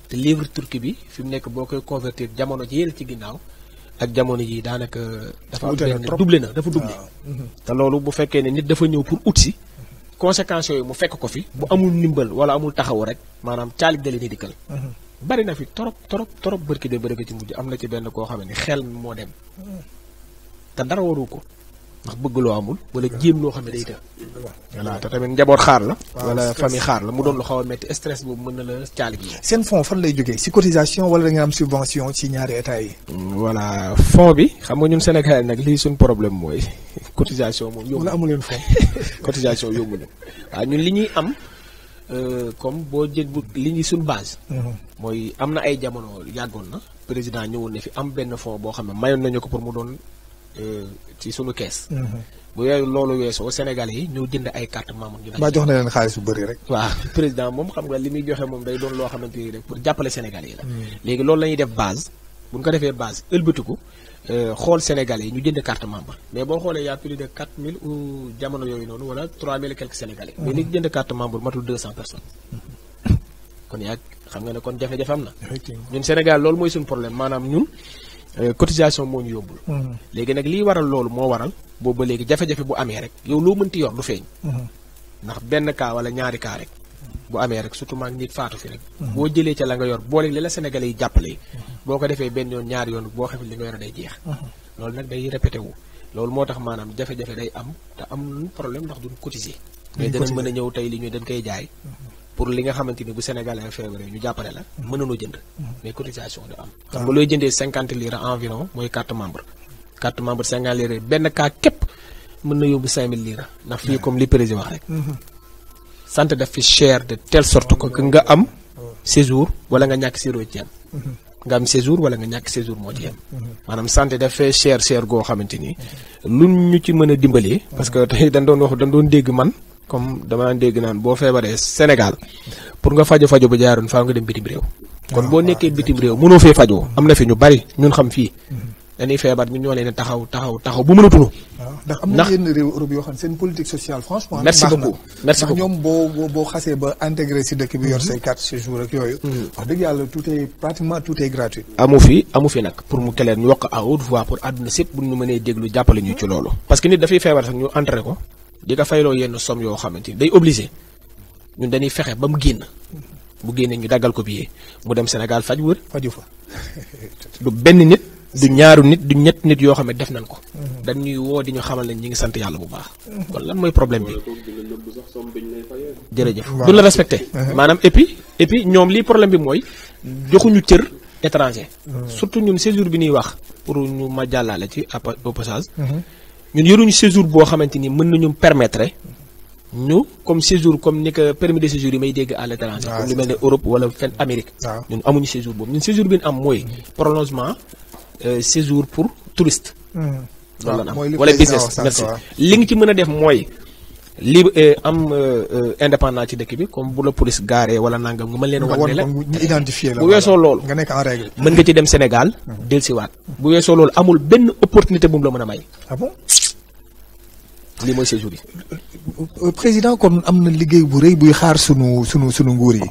te livre turki bi fi mu nekk boo koy convertir jamono ji yële ci ginnaaw ak jamono ji daanaka dafa doublé na dafa doublé te loolu bu fekkee ne nit dafa ñëw pour ut si conséquence yooyu mu fekk ko fi bu amul ndimbal wala amul taxaw rek maanaam caalig dali ni dikkal mhm. bari na fi trop trop trop bërki de bërëka ci mujj am na ci benn koo xam ne xel moo dem mhm. te dara waru ko ndax bëgg loo amul wala jéem loo xam ne day të voilà te tamit njaboot xaar la wala famille xaar la mu doon lu xaw a metti stress boobu mën na la caalig yi seen fonds fan lay jógee si cotisation wala da ngeen am subvention ci ñaari état yi mm, voilà fonds bi xam nga ñun Sénégal nag lii suñ problème mooy cotisation moom yóbbu. wala amu leen fond cotisation yóbbu ñu waaw ñun li ñuy am euh, comme boo jël bu li ñu suñ base. Uh-huh. mooy am na ay jamono yàggoon na président ñëwoon na fi am benn fond boo xam ne mayoon nañu ko pour mu doon euh, ci suñu kees. Uh-huh. bu yooyu loolu weesoo Sénégal yi ñoo jënd ay carte membre ñu. ba jox na leen xaalis bu bari rek. waaw président moom xam nga li muy joxe moom day doon loo xamante ni rek pour jàppale Sénégal yi la. Hmm. léegi loolu lañuy ñuy def base bu ñu ko defee base ëlbatiku. Euh, xol sénégalais ñu jënd carte membre mais boo xoolee y' a plus de 4000 ou jamono yooyu noonu wala 3000 quelques sénégalais. mais li jënd carte membre matul 200 personnes. kon ya xam nga ne kon jafe-jafe am na. ñun Sénégal lool moy suñu problème manam ñun euh, cotisation mo ñu yóbbul. Mm-hmm. légui nak li waral lool mo waral bo ba légui jafe-jafe bu amé rek yow lo mënti yor du feñ mm-hmm. ndax benn cas wala ñaari cas rek. bu amee rek surtout maag nit faatu fi rek boo jëlee ca la nga yor boole li la sénégalais yi boo ko defee benn yoon ñaar yoon boo xamee li nga yor day jeex loolu nag day répété wu loolu moo tax maanaam jafe-jafe day am te am problème ndax duñ cotiser mais dinañ mën a ñëw tey li ñuy dañ koy jaay pour li nga xamante ni bu sénégalais feebaree ñu jàppale la mënuñu jënd mais cotisation du am xam nga ah. looy jëndee cinquante lire environ mooy carte membre carte membre cinquante lire benn cas képp mën na yóbbu cinq mille lire ndax comme li président wax rek mm-hmm. santé daf fi cher de telle sorte que nga am séjour wala nga ñàkk séjour ci yem nga am séjour wala nga ñàkk séjour moo ci yem maanaam santé daf fee cher cher goo xamante ni nun ñu ci mën a dimbalee parce que tey dañ doon wax dañ doon dégg man comme dama dégg naan boo feebaree Sénégal pour nga fajo fajo bu jaaroon faaw nga dem bitim réew kon boo nekkee bitim réew mënoo fee fajoo am na fi ñu bari ñun xam fii dañuy feebar ñu ñoo leen taxaw taxaw taxaw bu mënatunu waaw ndax am na yenn réew Europe yoo xam ne seen politique sociale franchement. merci beaucoup merci beaucoup ñoom boo boo xasee ba intégré si dëkk bi yor say mhm. carte séjour ak yooyu. Mhm. wax dëgg yàlla tout est pratiquement tout est gratuit. amu fi amu fi nag pour mu keleen ñu wax à haute voix pour àdduna sépp bu ñu mënee déglu jàppale ñu ci loolu. parce que nit dafay feebar sax ñu entré ko di ko fayloo yenn somme yoo xamante ni day obligé ñun dañuy fexe ba mu génn. Mhm. bu génnee ñu daggal ko billet mu dem Sénégal faj wër. faju fa du benn nit. du ñaaru nit du ñett nit yoo xam ne def nañ ko. dañ ñuy woo di ñu xamal ne ñi ngi sant yàlla bu baax. kon lan mooy problème bi. jërëjëf a la respecté. maanaam et puis et puis ñoom lii problème bi mooy joxuñu cër étranger. Mm-hmm. surtout ñun séjour bi ñuy wax pour ñu ma jàllale ci apa au passage. Mm-hmm. ñun yoruñu séjour boo xamante ni mën nañu permettre ñu comme séjour comme ni que permis de séjour yi may dégg à l'étranger. Ah, comme lu mel ne Europe wala fenn Amérique. Ah. ñun amuñu séjour am mooy mm-hmm. Euh, séjour pour touriste. Hmm. Ah, wala business merci li nga ci mën a def mooy. li euh, am euh, indépendant ci dëkk bi comme bu la police garé wala nangam nga mën leen wan ne la ñu identifier la bu weesoo loolu nga nekk en règle mën nga ci dem Sénégal hmm. dellusiwaat bu weesoo loolu amul benn opportunité bu mu la mën a may ah bon lii mooy séjour yi président kon am na liggéey bu rëy buy xaar sunu sunu sunu nguur yi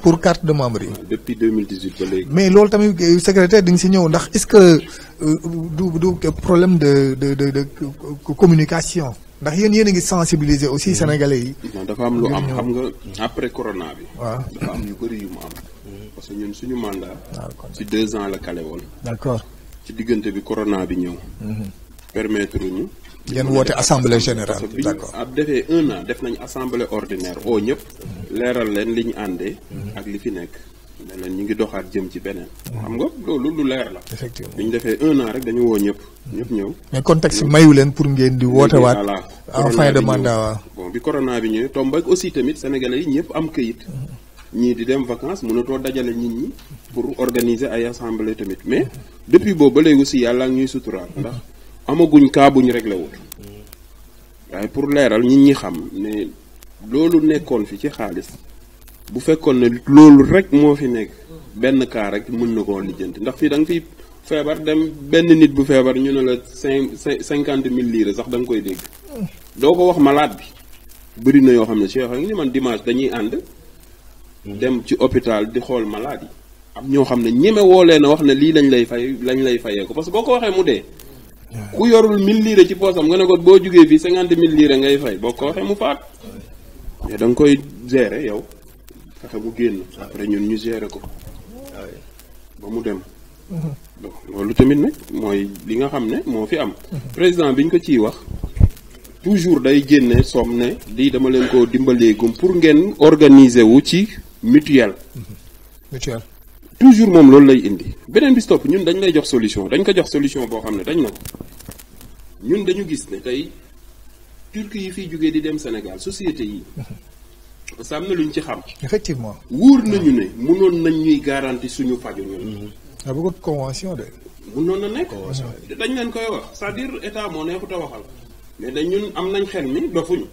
pour carte de membre depuis 2018 mais loolu tamit secrétaire di ci si ñëw ndax est-ce que euh, du du problème de de de de communication ndax yéen yéen ngi sensibiliser aussi mm-hmm. sénégalais yi. non dafa am lu am xam nga après corona bi. waaw dafa am yu bari yu mu am. Mm-hmm. parce que ñun suñu mandat. Ah, ci deux ans la calé woon. d'accord ci diggante bi corona bi ñëw. Mm-hmm. permettre ñu. ngeen wote assemblée générale d'accord ab defee un an def nañ assemblée ordinaire o ñep léral leen liñ andé ak li fi nek ne leen ñi ngi doxat jëm ci benen xam nga lolu lu leer la effectivement biñ défé 1 an rek dañu wo ñep ñep ñew mais contexte mayu leen pour ngeen di wote wat en fin de mandat wa bon bi corona bi ñew tombe ak aussi tamit sénégalais ñep am këyit ñi di dem vacances mëna to dajalé nit ñi pour organiser ay assemblée tamit mais depuis boobu ba léegi aussi yalla ngi sutura ndax amaguñ kaa bu ñu réglé wul waaye pour leeral ñit ñi xam ne loolu nekkoon fi ci xaalis bu fekkoon ne loolu rek moo fi nekk benn kaar rek mën na ko lijjanti ndax fii da nga fiy feebar dem benn nit bu feebar ñu ne la cinq cinquante mille lire sax da koy dégg doo ko wax malaat bi bëri na yoo xam ne Cheikh ak ni man dimanche dañuy ànd dem ci hôpital di xool malaat yi am ñoo xam ne ñeme woo leen a wax ne lii lañ lay fay lañ lay fayee ko parce que boo ko waxee mu dee ku yorul mille lire ci poosam nga ne ko boo jugee fi cinquante mille lire ngay fay boo ko waxee mu faat mais da koy gere yow fexe bu génn après ñun ñu gérer ko ba mu dem mm-hmm. donc loolu tamit nag mooy li nga xam ne moo fi am mm-hmm. président bi ñu ko ciy wax toujours day génne somme ne lii dama leen ko dimbaleegum pour ngeen organiser wu ci mutuelle mm-hmm. mutuelle toujours moom loolu lay indi beneen bis topp ñun dañ lay jox solution dañ ko jox solution boo xam ne dañ na ko ñun dañu gis ne tey turki yi fiy jógee di dem Sénégal société yi parce mhm. am na lu ñu ci xam. effectivement wuur mhm. nañu ne mun nañ ñuy garanti suñu faju ñun. Mhm. ah bëgg convention de. mënoon na nekk. dañ leen koy wax cest dire état moo neexut a waxal mais dañ ñun am nañ xel ni dofuñu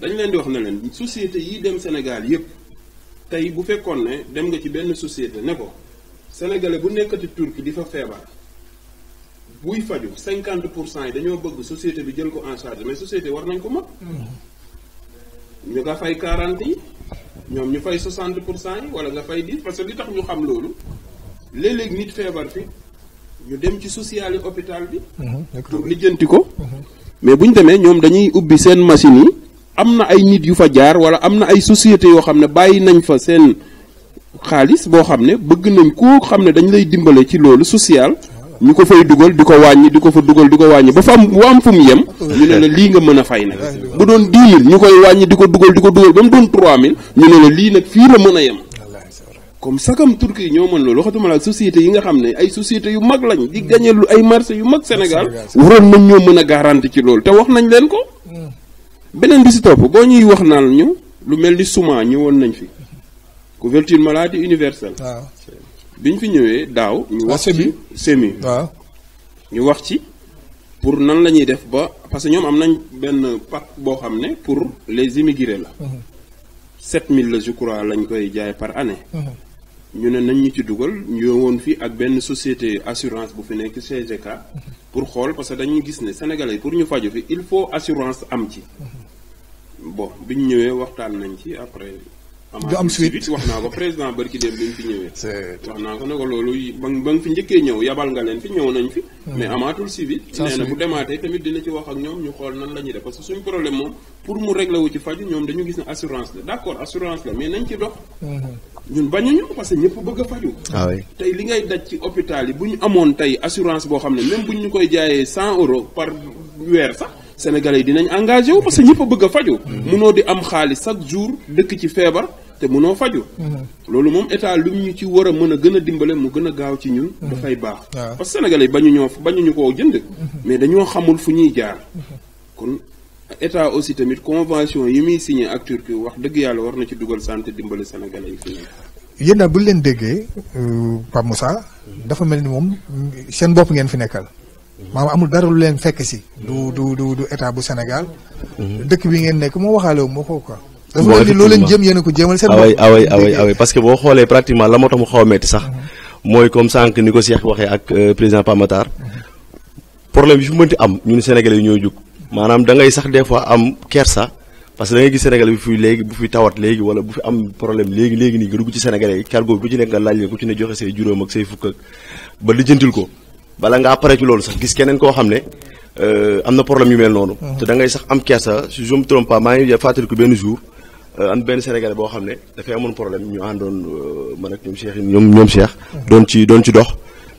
dañ leen di wax na leen société yi dem Sénégal yëpp. tey bu fekkoon ne dem nga ci benn société ne ko sénégalais bu nekkati turki di fa feebar buy faju cinquante pour cent yi dañoo bëgg société bi jël ko en charge société war nañ ko mag mm-hmm. ñu nga fay quarante yi ñoom ñu fay soixante pour cent yi wala nga fay dix parce que li tax ñu xam loolu léeg-léeg nit feebar fi ñu dem ci social yi hôpital bi mm-hmm. pour lijjanti ko mm-hmm. mais bu ñu demee ñoom dañuy ubbi seen machine yi am na ay nit yu fa jaar wala am na ay sociétés yoo xam ne bàyyi nañ fa seen xaalis boo xam ne bëgg nañ koo xam ne dañ lay dimbale ci loolu social ñu ko fay dugal di ko wàññi di ko fa dugal di ko wàññi ba fa am wa am fu mu yem ñu ne la lii nga mën a fay nag bu doon 10 000 ñu koy wàññi di ko dugal di ko dugal ba mu doon 3000 ñu ne la lii nag fii la mën a yem comme sakam turki yi ñoo mën loolu waxatuma la société yi nga xam ne ay société yu mag lañ di gañe lu ay marché yu mag Sénégal waroon nañ ñoo mën a garanti ci loolu te wax nañ leen ko benen bi si topp boo ñuy wax naan ñu lu melni ni suma ñëwoon nañ fi couverture maladie universelle. waaw bi fi ñewé daw ñu wax ci semi waaw ñu wax ci pour nan lañuy def ba parce que ñom am nañ benn pack bo xamné pour les immigrés là 7000 la mhm. je crois lañ koy jaay par année. Mhm ñu ne nañ ñu ci dugal ñu woon fi ak benn société assurance bu fi nekk CGK pour xool parce que dañuy gis ne sénégalais yi pour ñu faju fi il faut assurance am ci mhm. bon biñ ñëwee waxtaan nañ ci après du am suite wax naa ko président barki dem bi ñu fi ñëwee. wax naa ko ne loolu ba ba nga fi njëkkee ñëw yabal nga leen fi ñëw nañ fi. Hmm. mais amaatul suivi. nee na bu demaatee tamit dina ci wax ak ñoom ñu xool nan lañuy ñuy def parce que suñu problème moom pour mu réglé wu ci faju ñoom dañu gis ne assurance la d' accord assurance la mais nañ ci dox. Hmm. ñun bañuñu parce que ñëpp bëgg a faju ah tey li ngay daj ci hôpital yi bu ñu amoon tey assurance boo xam ne même bu ñu koy jaayee cent euros par weer sax. sénégalais yi dinañ engagé wu parce que ñëpp a bëgg a faju munoo di am xaalis chaque jour dëkk ci feebar te munoo faju mhm. loolu moom état lu ñu ci war a mën a gën a dimbale mu gën a gaaw ci ñun mhm. dafay baax parce que sénégalais yi bañu ñoo bañuñu koo jënd mhm. mais dañoo xamul fu ñuy jaar kon état aussi tamit convention yi muy signé ak Turquie wax dëgg yàlla war na ci dugal santé dimbale sénégalais yi fi yéen daal bu leen déggee euh, pa Moussa dafa mel ni moom seen bopp ngeen fi nekkal maanaam amul dara lu leen fekk si. du du du du état bu Sénégal. Mhm. dëkk bi ngeen nekk moo waxaale moo ko quoi. dafa ni loolu leen jëm yéen ko jéemal seen bopp. away away away que boo xoolee pratiquement la moo tax mu xaw a metti sax. Mhm. mooy comme sànq ni ko Cheikh waxee ak euh, président Pamatar mhm. problème bi fi mënti am ñun Sénégalais yi ñoo jug maanaam da ngay sax des fois am kersa parce que da ngay gis Sénégal bi fuy léegi bu fi tawat léegi wala bu fi am problème léegi léegi nii nga dugg ci Sénégalais yi cargo bi ku ci laaj leen ku ci ne joxe fukk ba lijjantil ko bala ngaa pare ci loolu sax gis keneen koo xam ne euh, am na problème yu mel noonu. Mm-hmm. te da ngay sax am kersa si je me trompe maa ngi fàttaliku benn jour euh, am benn Sénégalais boo xam ne dafay amoon problème ñu àndoon euh, man ak ñoom Cheikh ñoom ñoom Cheikh. Mm-hmm. doon ci doon ci dox.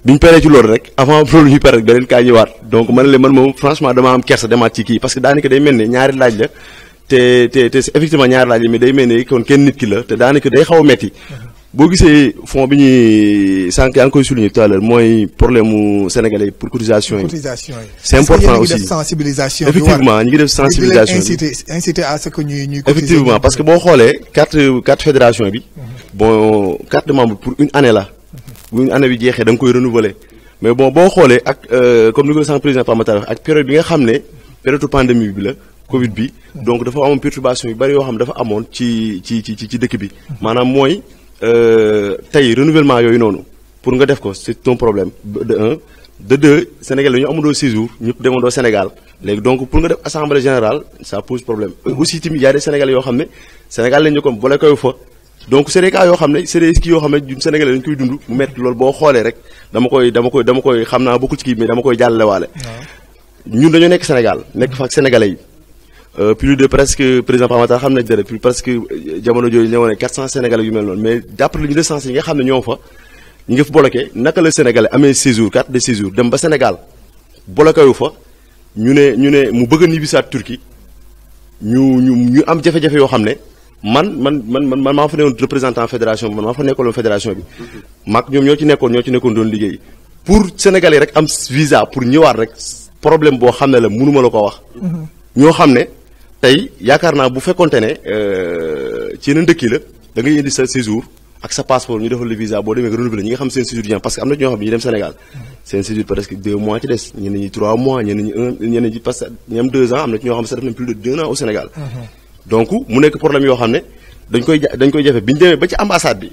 bi ñu paree ci loolu rek avant ñu pare rek beneen kaa man la man moom franchement dama am kersa demaat ci kii parce que daanaka day mel ne ñaari laaj la te te te effectivement ñaari laaj la mais day mel ne kon kenn nit ki la te daanaka day xaw a metti mm-hmm. boo gisee fond bi ñuy sànq yaa ngi koy souligner tout à l'heure mooy problème mu sénégalais pour cotisation cotisation c'est important aussi sensibilisation. effectivement ñu ngi def sensibilisation inciter inciter à ce que nous ñuy effectivement parce que boo xoolee quatre quatre fédération bi. Mhm. bon quatre membres pour une année là, mhm. bu une année bi jeexee da nga koy renouveler mais bon boo xoolee ak euh, comme ni ko sànq président Pamata wax ak période bi nga xam ne période pandémie bi la. Covid bi mhm. donc dafa une perturbation yu bari yoo xam dafa amoon ci ci ci ci bi maanaam mooy. Euh, tey renouvellement yooyu noonu pour nga def ko c'est un problème de un de deux Sénégal yi ñu amandoo six jours ñëpp demandoo Sénégal léegi donc pour nga def assemblée générale ça pose problème aussi tamit y a sénégal yoo xam ne Sénégal lañu ko boole koy fa donc c'est des yoo xam ne c'est des yoo xam ne ñun dañu koy dund mu métti loolu boo xoolee rek dama koy dama koy dama koy xam naa bokkul ci kii mais dama koy jàllale waale ñun dañoo nekk Sénégal nekk fa ak yi. Euh, plus de presque président plus presque 400 euh, sénégalais mais d'après yi nga ñoo fa bloqué sénégalais de séjour dem ba Sénégal bloqué wu fa mu bëgg Turquie ñu am jafé jafé yo représentant fédération fédération bi. Mhm. ñoo ci ñoo ci pour sénégalais rek visa pour ñëwaat rek problème la tey yaakaar naa bu fekkonte ne euh, ci yeneen dëkk yi la da ngay indi sa séjour ak sa passeport ñu defal le visa boo demee nga xam seen séjour jeex parce que am na ñoo xam ne ñu dem deux ans am na ñoo xam ne def nañ plus de deux ans au Sénégal. Mhm. donc mu nekk problème yoo xam ne dañ koy dañ koy jafe bi ñu demee ba ci ambassade bi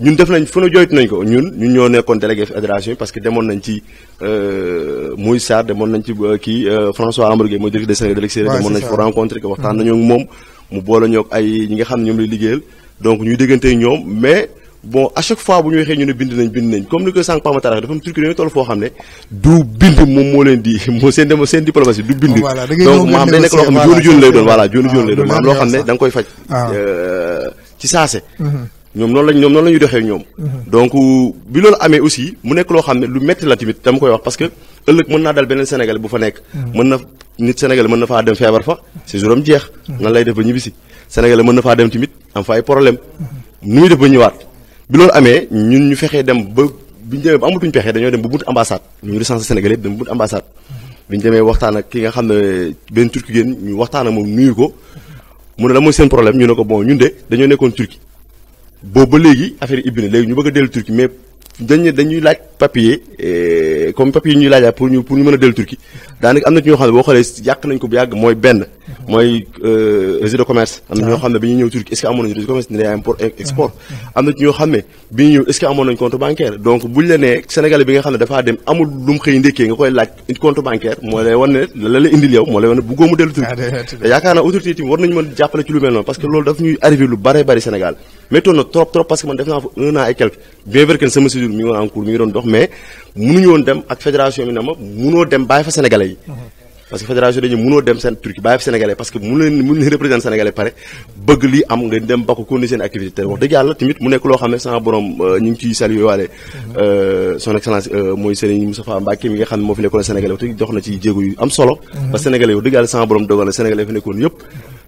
ñun def nañ fu ñu joyit nañ ko ñun ñun ñoo nekkoon délégué fédération parce que demoon nañ ci euh, muy Sarr demoon nañ ci euh, ki euh, François Amadou Gueye mooy directeur de Sénégalais de l'extérieur demoon nañ fa rencontré que waxtaan mm. nañoo moom mu boole ñoo ay ñi nga xam ne ñoom lay liggéeyal donc ñuy déggante ñoom mais bon à chaque fois bu ñu waxee ñu ne bind nañ bind nañ comme ni ko sànq Pama Tara dafa am turki dañoo toll foo xam ne du bind moom moo leen di moo seen dem seen diplomatie du bind donc am day nekk loo xam ne joonu joonu lay doon voilà joonu joonu lay doon maam loo xam ne da nga koy faj ah. ci saase mm-hmm. ñoom noonu lañ ñoom noonu la ñuy doxee ñoom. Mhm. donc bi loolu amee aussi mu nekk loo xam ne lu metti la tamit dama koy wax parce que ëllëg mën naa dal beneen Sénégal bu fa nekk. Mhm. mën na nit Sénégal mën na faa dem feebar fa séjour am jeex. Mhm. nan lay def ba ñibbisi Sénégal mën na faa dem tamit am fa ay problème nu muy def ba ñëwaat bi loolu amee ñun ñu fexee dem ba bi ñu demee ba amatuñu pexe dañoo dem ba buntu ambassade ñu recensé Sénégal yëpp dem ba buntu ambassade. bi ñu waxtaan ak ki nga xam ne benn turki génn ñu waxtaan ak moom nuyu ko mu ne ñu ne ko bon ñun de dañoo nekkoon turki booba léegi affaire yi léegi ñu bëgg a dellu Turquie mais dañ dañuy laaj papier euh, comme papier ñuy laajaat pour ñu mën a dellu Turquie daanaka am na euh, ñu ñëw Turquie est est-ce eh, laaj compte ah, que loolu daf ñuy arrivé lu bare bari Sénégal méttoon trop trop parce que man def naa fa un an quelque bien vrai que sama procédure mi ngi woon en cours mi ngi doon dox mais mënuñu woon dem ak fédération bi ne ma mënoo dem bàyyi fa sénégalais yi mhm. parce que fédération dañu mënoo dem seen Turquie bàyyi fa sénégalais parce que mun leen mun leen représenter sénégalais pare bëgg lii am nga dem ba ko continuer seen activité te wax dëgg yàlla tamit mu nekk loo xam ne sama borom euh, ñu ngi ciy saluer waale mhm. euh, son excellence euh, mooy Serigne Moustapha Mbacké mi nga xam ne moo fi nekkoon sénégalais wax dëgg dox na ci jéego yu am solo mhm. parce que sénégalais wax dëgg yàlla sama borom dogal na sénégalais fi nekkoon yëpp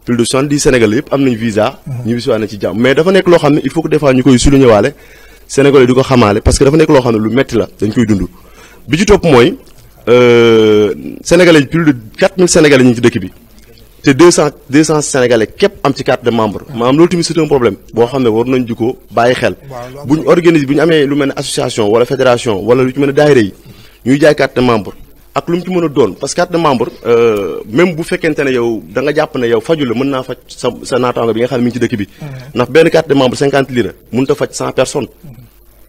plus de soixante-dix sénégalais yëpp am nañ visa ñu bisi waa na ci jàmm mais dafa nekk loo xam ne il faut que des fois ñu koy souligner waale Sénégalais di ko xamaale parce que dafa nekk loo xam ne lu metti la dañ koy dund bi ci topp mooy euh, Sénégalais plus de 4000 Sénégalais ñu ngi ci dëkk bi te 200 200 Sénégalais képp am ci carte de membre maanaam loolu tamit c'est un problème boo xam ne war nañ di ko bàyyi xel bu ñu organise bu ñu amee lu mel ne association wala fédération wala lu ci mel ne daayira yi ñuy jaay carte de membre ak lu mu ci mën a doon parce que carte de membre euh, même bu fekkente ne yow da jàpp ne yow faju la mën naa faj sa sa bi nga xam ne mi ci dëkk bi mhm. ndax benn carte de membre cinquante lira mënut a faj cent personnes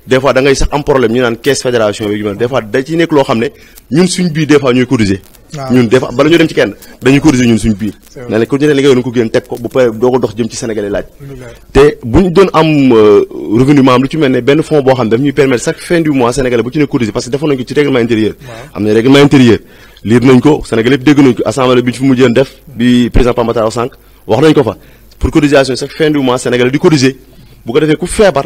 des fois da ngay sax am problème ñu naan caisse fédération bi des fois da ci nek lo xamné ñun suñ bi des fois ñooy cotiser ñun des fois bala ñu dem ci kenn dañuy cotiser ñun suñ bi ne la ku ne li nga yoon ko génn tek ko bu paree doo ko dox jëm ci Sénégalais laaj té bu ñu doon am euh, revenu maam lu ci mel ne benn fonds bo xamné dañuy permettre chaque fin du mois Sénégalais bu ci ne cotiser parce que defoon nañ ko ci règlement intérieur am règlement intérieur liir nañ ko Sénégalais dégg nañ ko assemblée bi ci fu mu jëen def bi président Pambata sank wax nañ ko fa pour cotisation chaque fin du mois Sénégalais di cotiser bu ko defee ku febar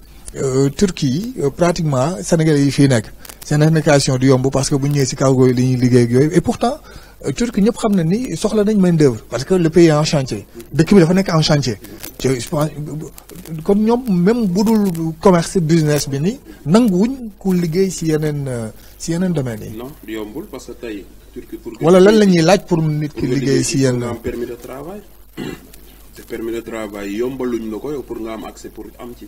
Euh, Turquie euh, pratiquement sénégalais yi fii c'est une émigration du yomb parce que bu ñu ñëwee si cargo yi li ñuy liggéey ak et pourtant euh, Turquie ñëpp xam na ni soxla nañ main d'œuvre parce que le pays est en chantier dëkk bi dafa nekk en chantier. je pense même bu dul commerce business bi ni nanguwuñ ku liggéey si yeneen si un domaine. non du yombul parce que tey Turquie pour. Voilà, lan la ñuy laaj pour nit ki liggéey si yenn. permis de travail te permis de travail Yombo la ko pour nous accès pour am ci.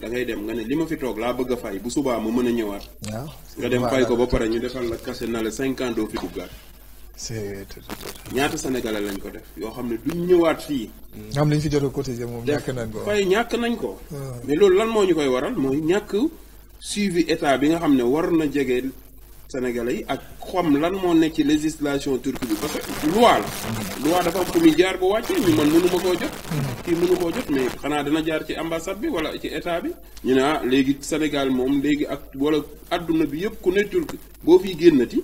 da ngay dem nga ne li ma fi toog laa bëgg a fay bu subaa ma mën a ñëwaat. waaw nga dem fay ko ba pare ñu defal la kase na la cinq ans doo fi duggaat. ñaata sénégalais lañ ko def yoo xam ne duñ ñëwaat fii. nga xam ne ñu fi jot a cotiser moom ñàkk nañ ko. fay ñàkk nañ ko. Ah. mais loolu lan moo ñu koy waral mooy ñàkk suivi état bi nga xam ne war na jege sénégalais yi ak xam lan mo nekk ci législation turque bi parce que loi la loi dafa am fu jaar bu wàccee ñu man mënu ma koo jot ki mënu koo jot mais xanaa dana jaar ci ambassade bi wala ci état bi ñu ne ah léegi Sénégal moom léegi ak wala adduna bi yépp ku ne turque boo fi génnati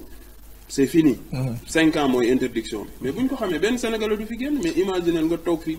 c'est fini mm-hmm. cinq ans mooy interdiction mais buñ ko xamee benn sénégalais du fi génn mais imaginel nga toog fii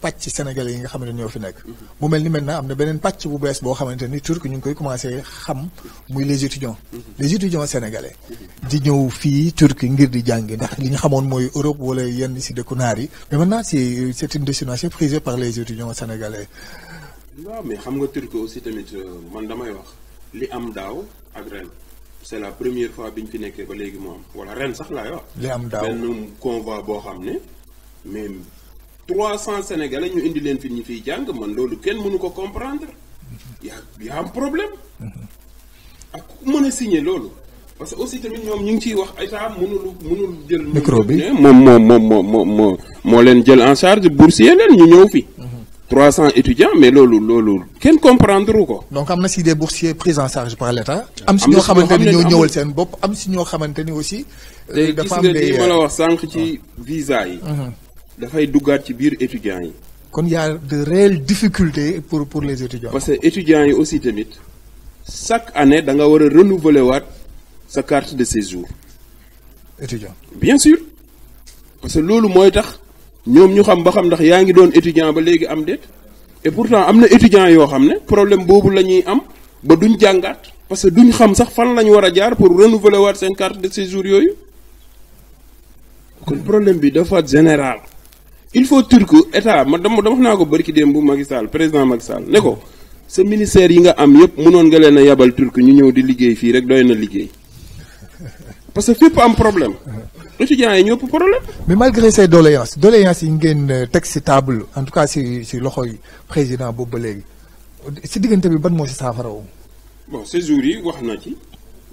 patch sénégalais yi nga xamante ñoo fi nekk. mu mel ni maintenant am na beneen bu bees bo xamante ni turc ñu ngi koy commencé xam muy les étudiants. les étudiants sénégalais. di ñëw fi turquie ngir di jàngi ndax li ñu xamone moy Europe wala yenn ci dëkku yi mais maintenant c'est c'est une destination prisée par les étudiants sénégalais. non mais xam nga turquie aussi tamit euh, man damay wax li am daaw ak ren. c'est la première fois bi fi nekkee ba léegi mu am wala ren sax laay wax. li am daaw benn convoi boo xam ne mais 300 sénégalais ñu indi leen fi ñi fi jang man lolu kenn mënu ko comprendre y a un problème ak ku mën signer loolu parce que aussi tamit ñom ñu ngi ciy wax état mënul mënu jël. micro bi moom moo moo moo mo leen jël en charge boursier leen ñu ñëw fi. 300 étudiants mais lolu lolu kenn comprendre ko. donc am na si des boursiers pris en charge par l'état am si ño xamanteni ni ñoo ñëwal seen bopp am si ño xamanteni aussi. Euh, dafa am des tey gis nga li ma la euh, wax sank ci visa yi. Mm-hmm dafay duggaat ci biir yi. kon y a de réelles difficultés pour pour les étudiants. parce que étudiants yi aussi tamit chaque année da nga war renouveler sa carte de séjour. étudiant bien sûr parce que loolu mooy tax ñoom ñu xam ba xam ndax yaa ngi étudiant ba léegi am et pourtant am étudiant yoo xam problème beaucoup la ñuy am ba duñ jàngaat parce que duñ xam sax fan lañu war a jaar pour renouveler waat seen carte de séjour yooyu Le problème bi dafa général il faut turku état man dama dama naa ko bari ki démb Macky Sall président Macky Sall ne ko ministère yi nga am yëpp mënoon nga leen yabal turku ñu ñëw di liggéey fi rek doyna liggéey parce que fépp am problème étudiants yi ñëpp problème. mais malgré ces doléances doléances yi ngeen euh, teg table en tout cas ci ci loxo président bobu légui ci digënté bi ban mo ci safara wu. bon ces jours yi wax na ci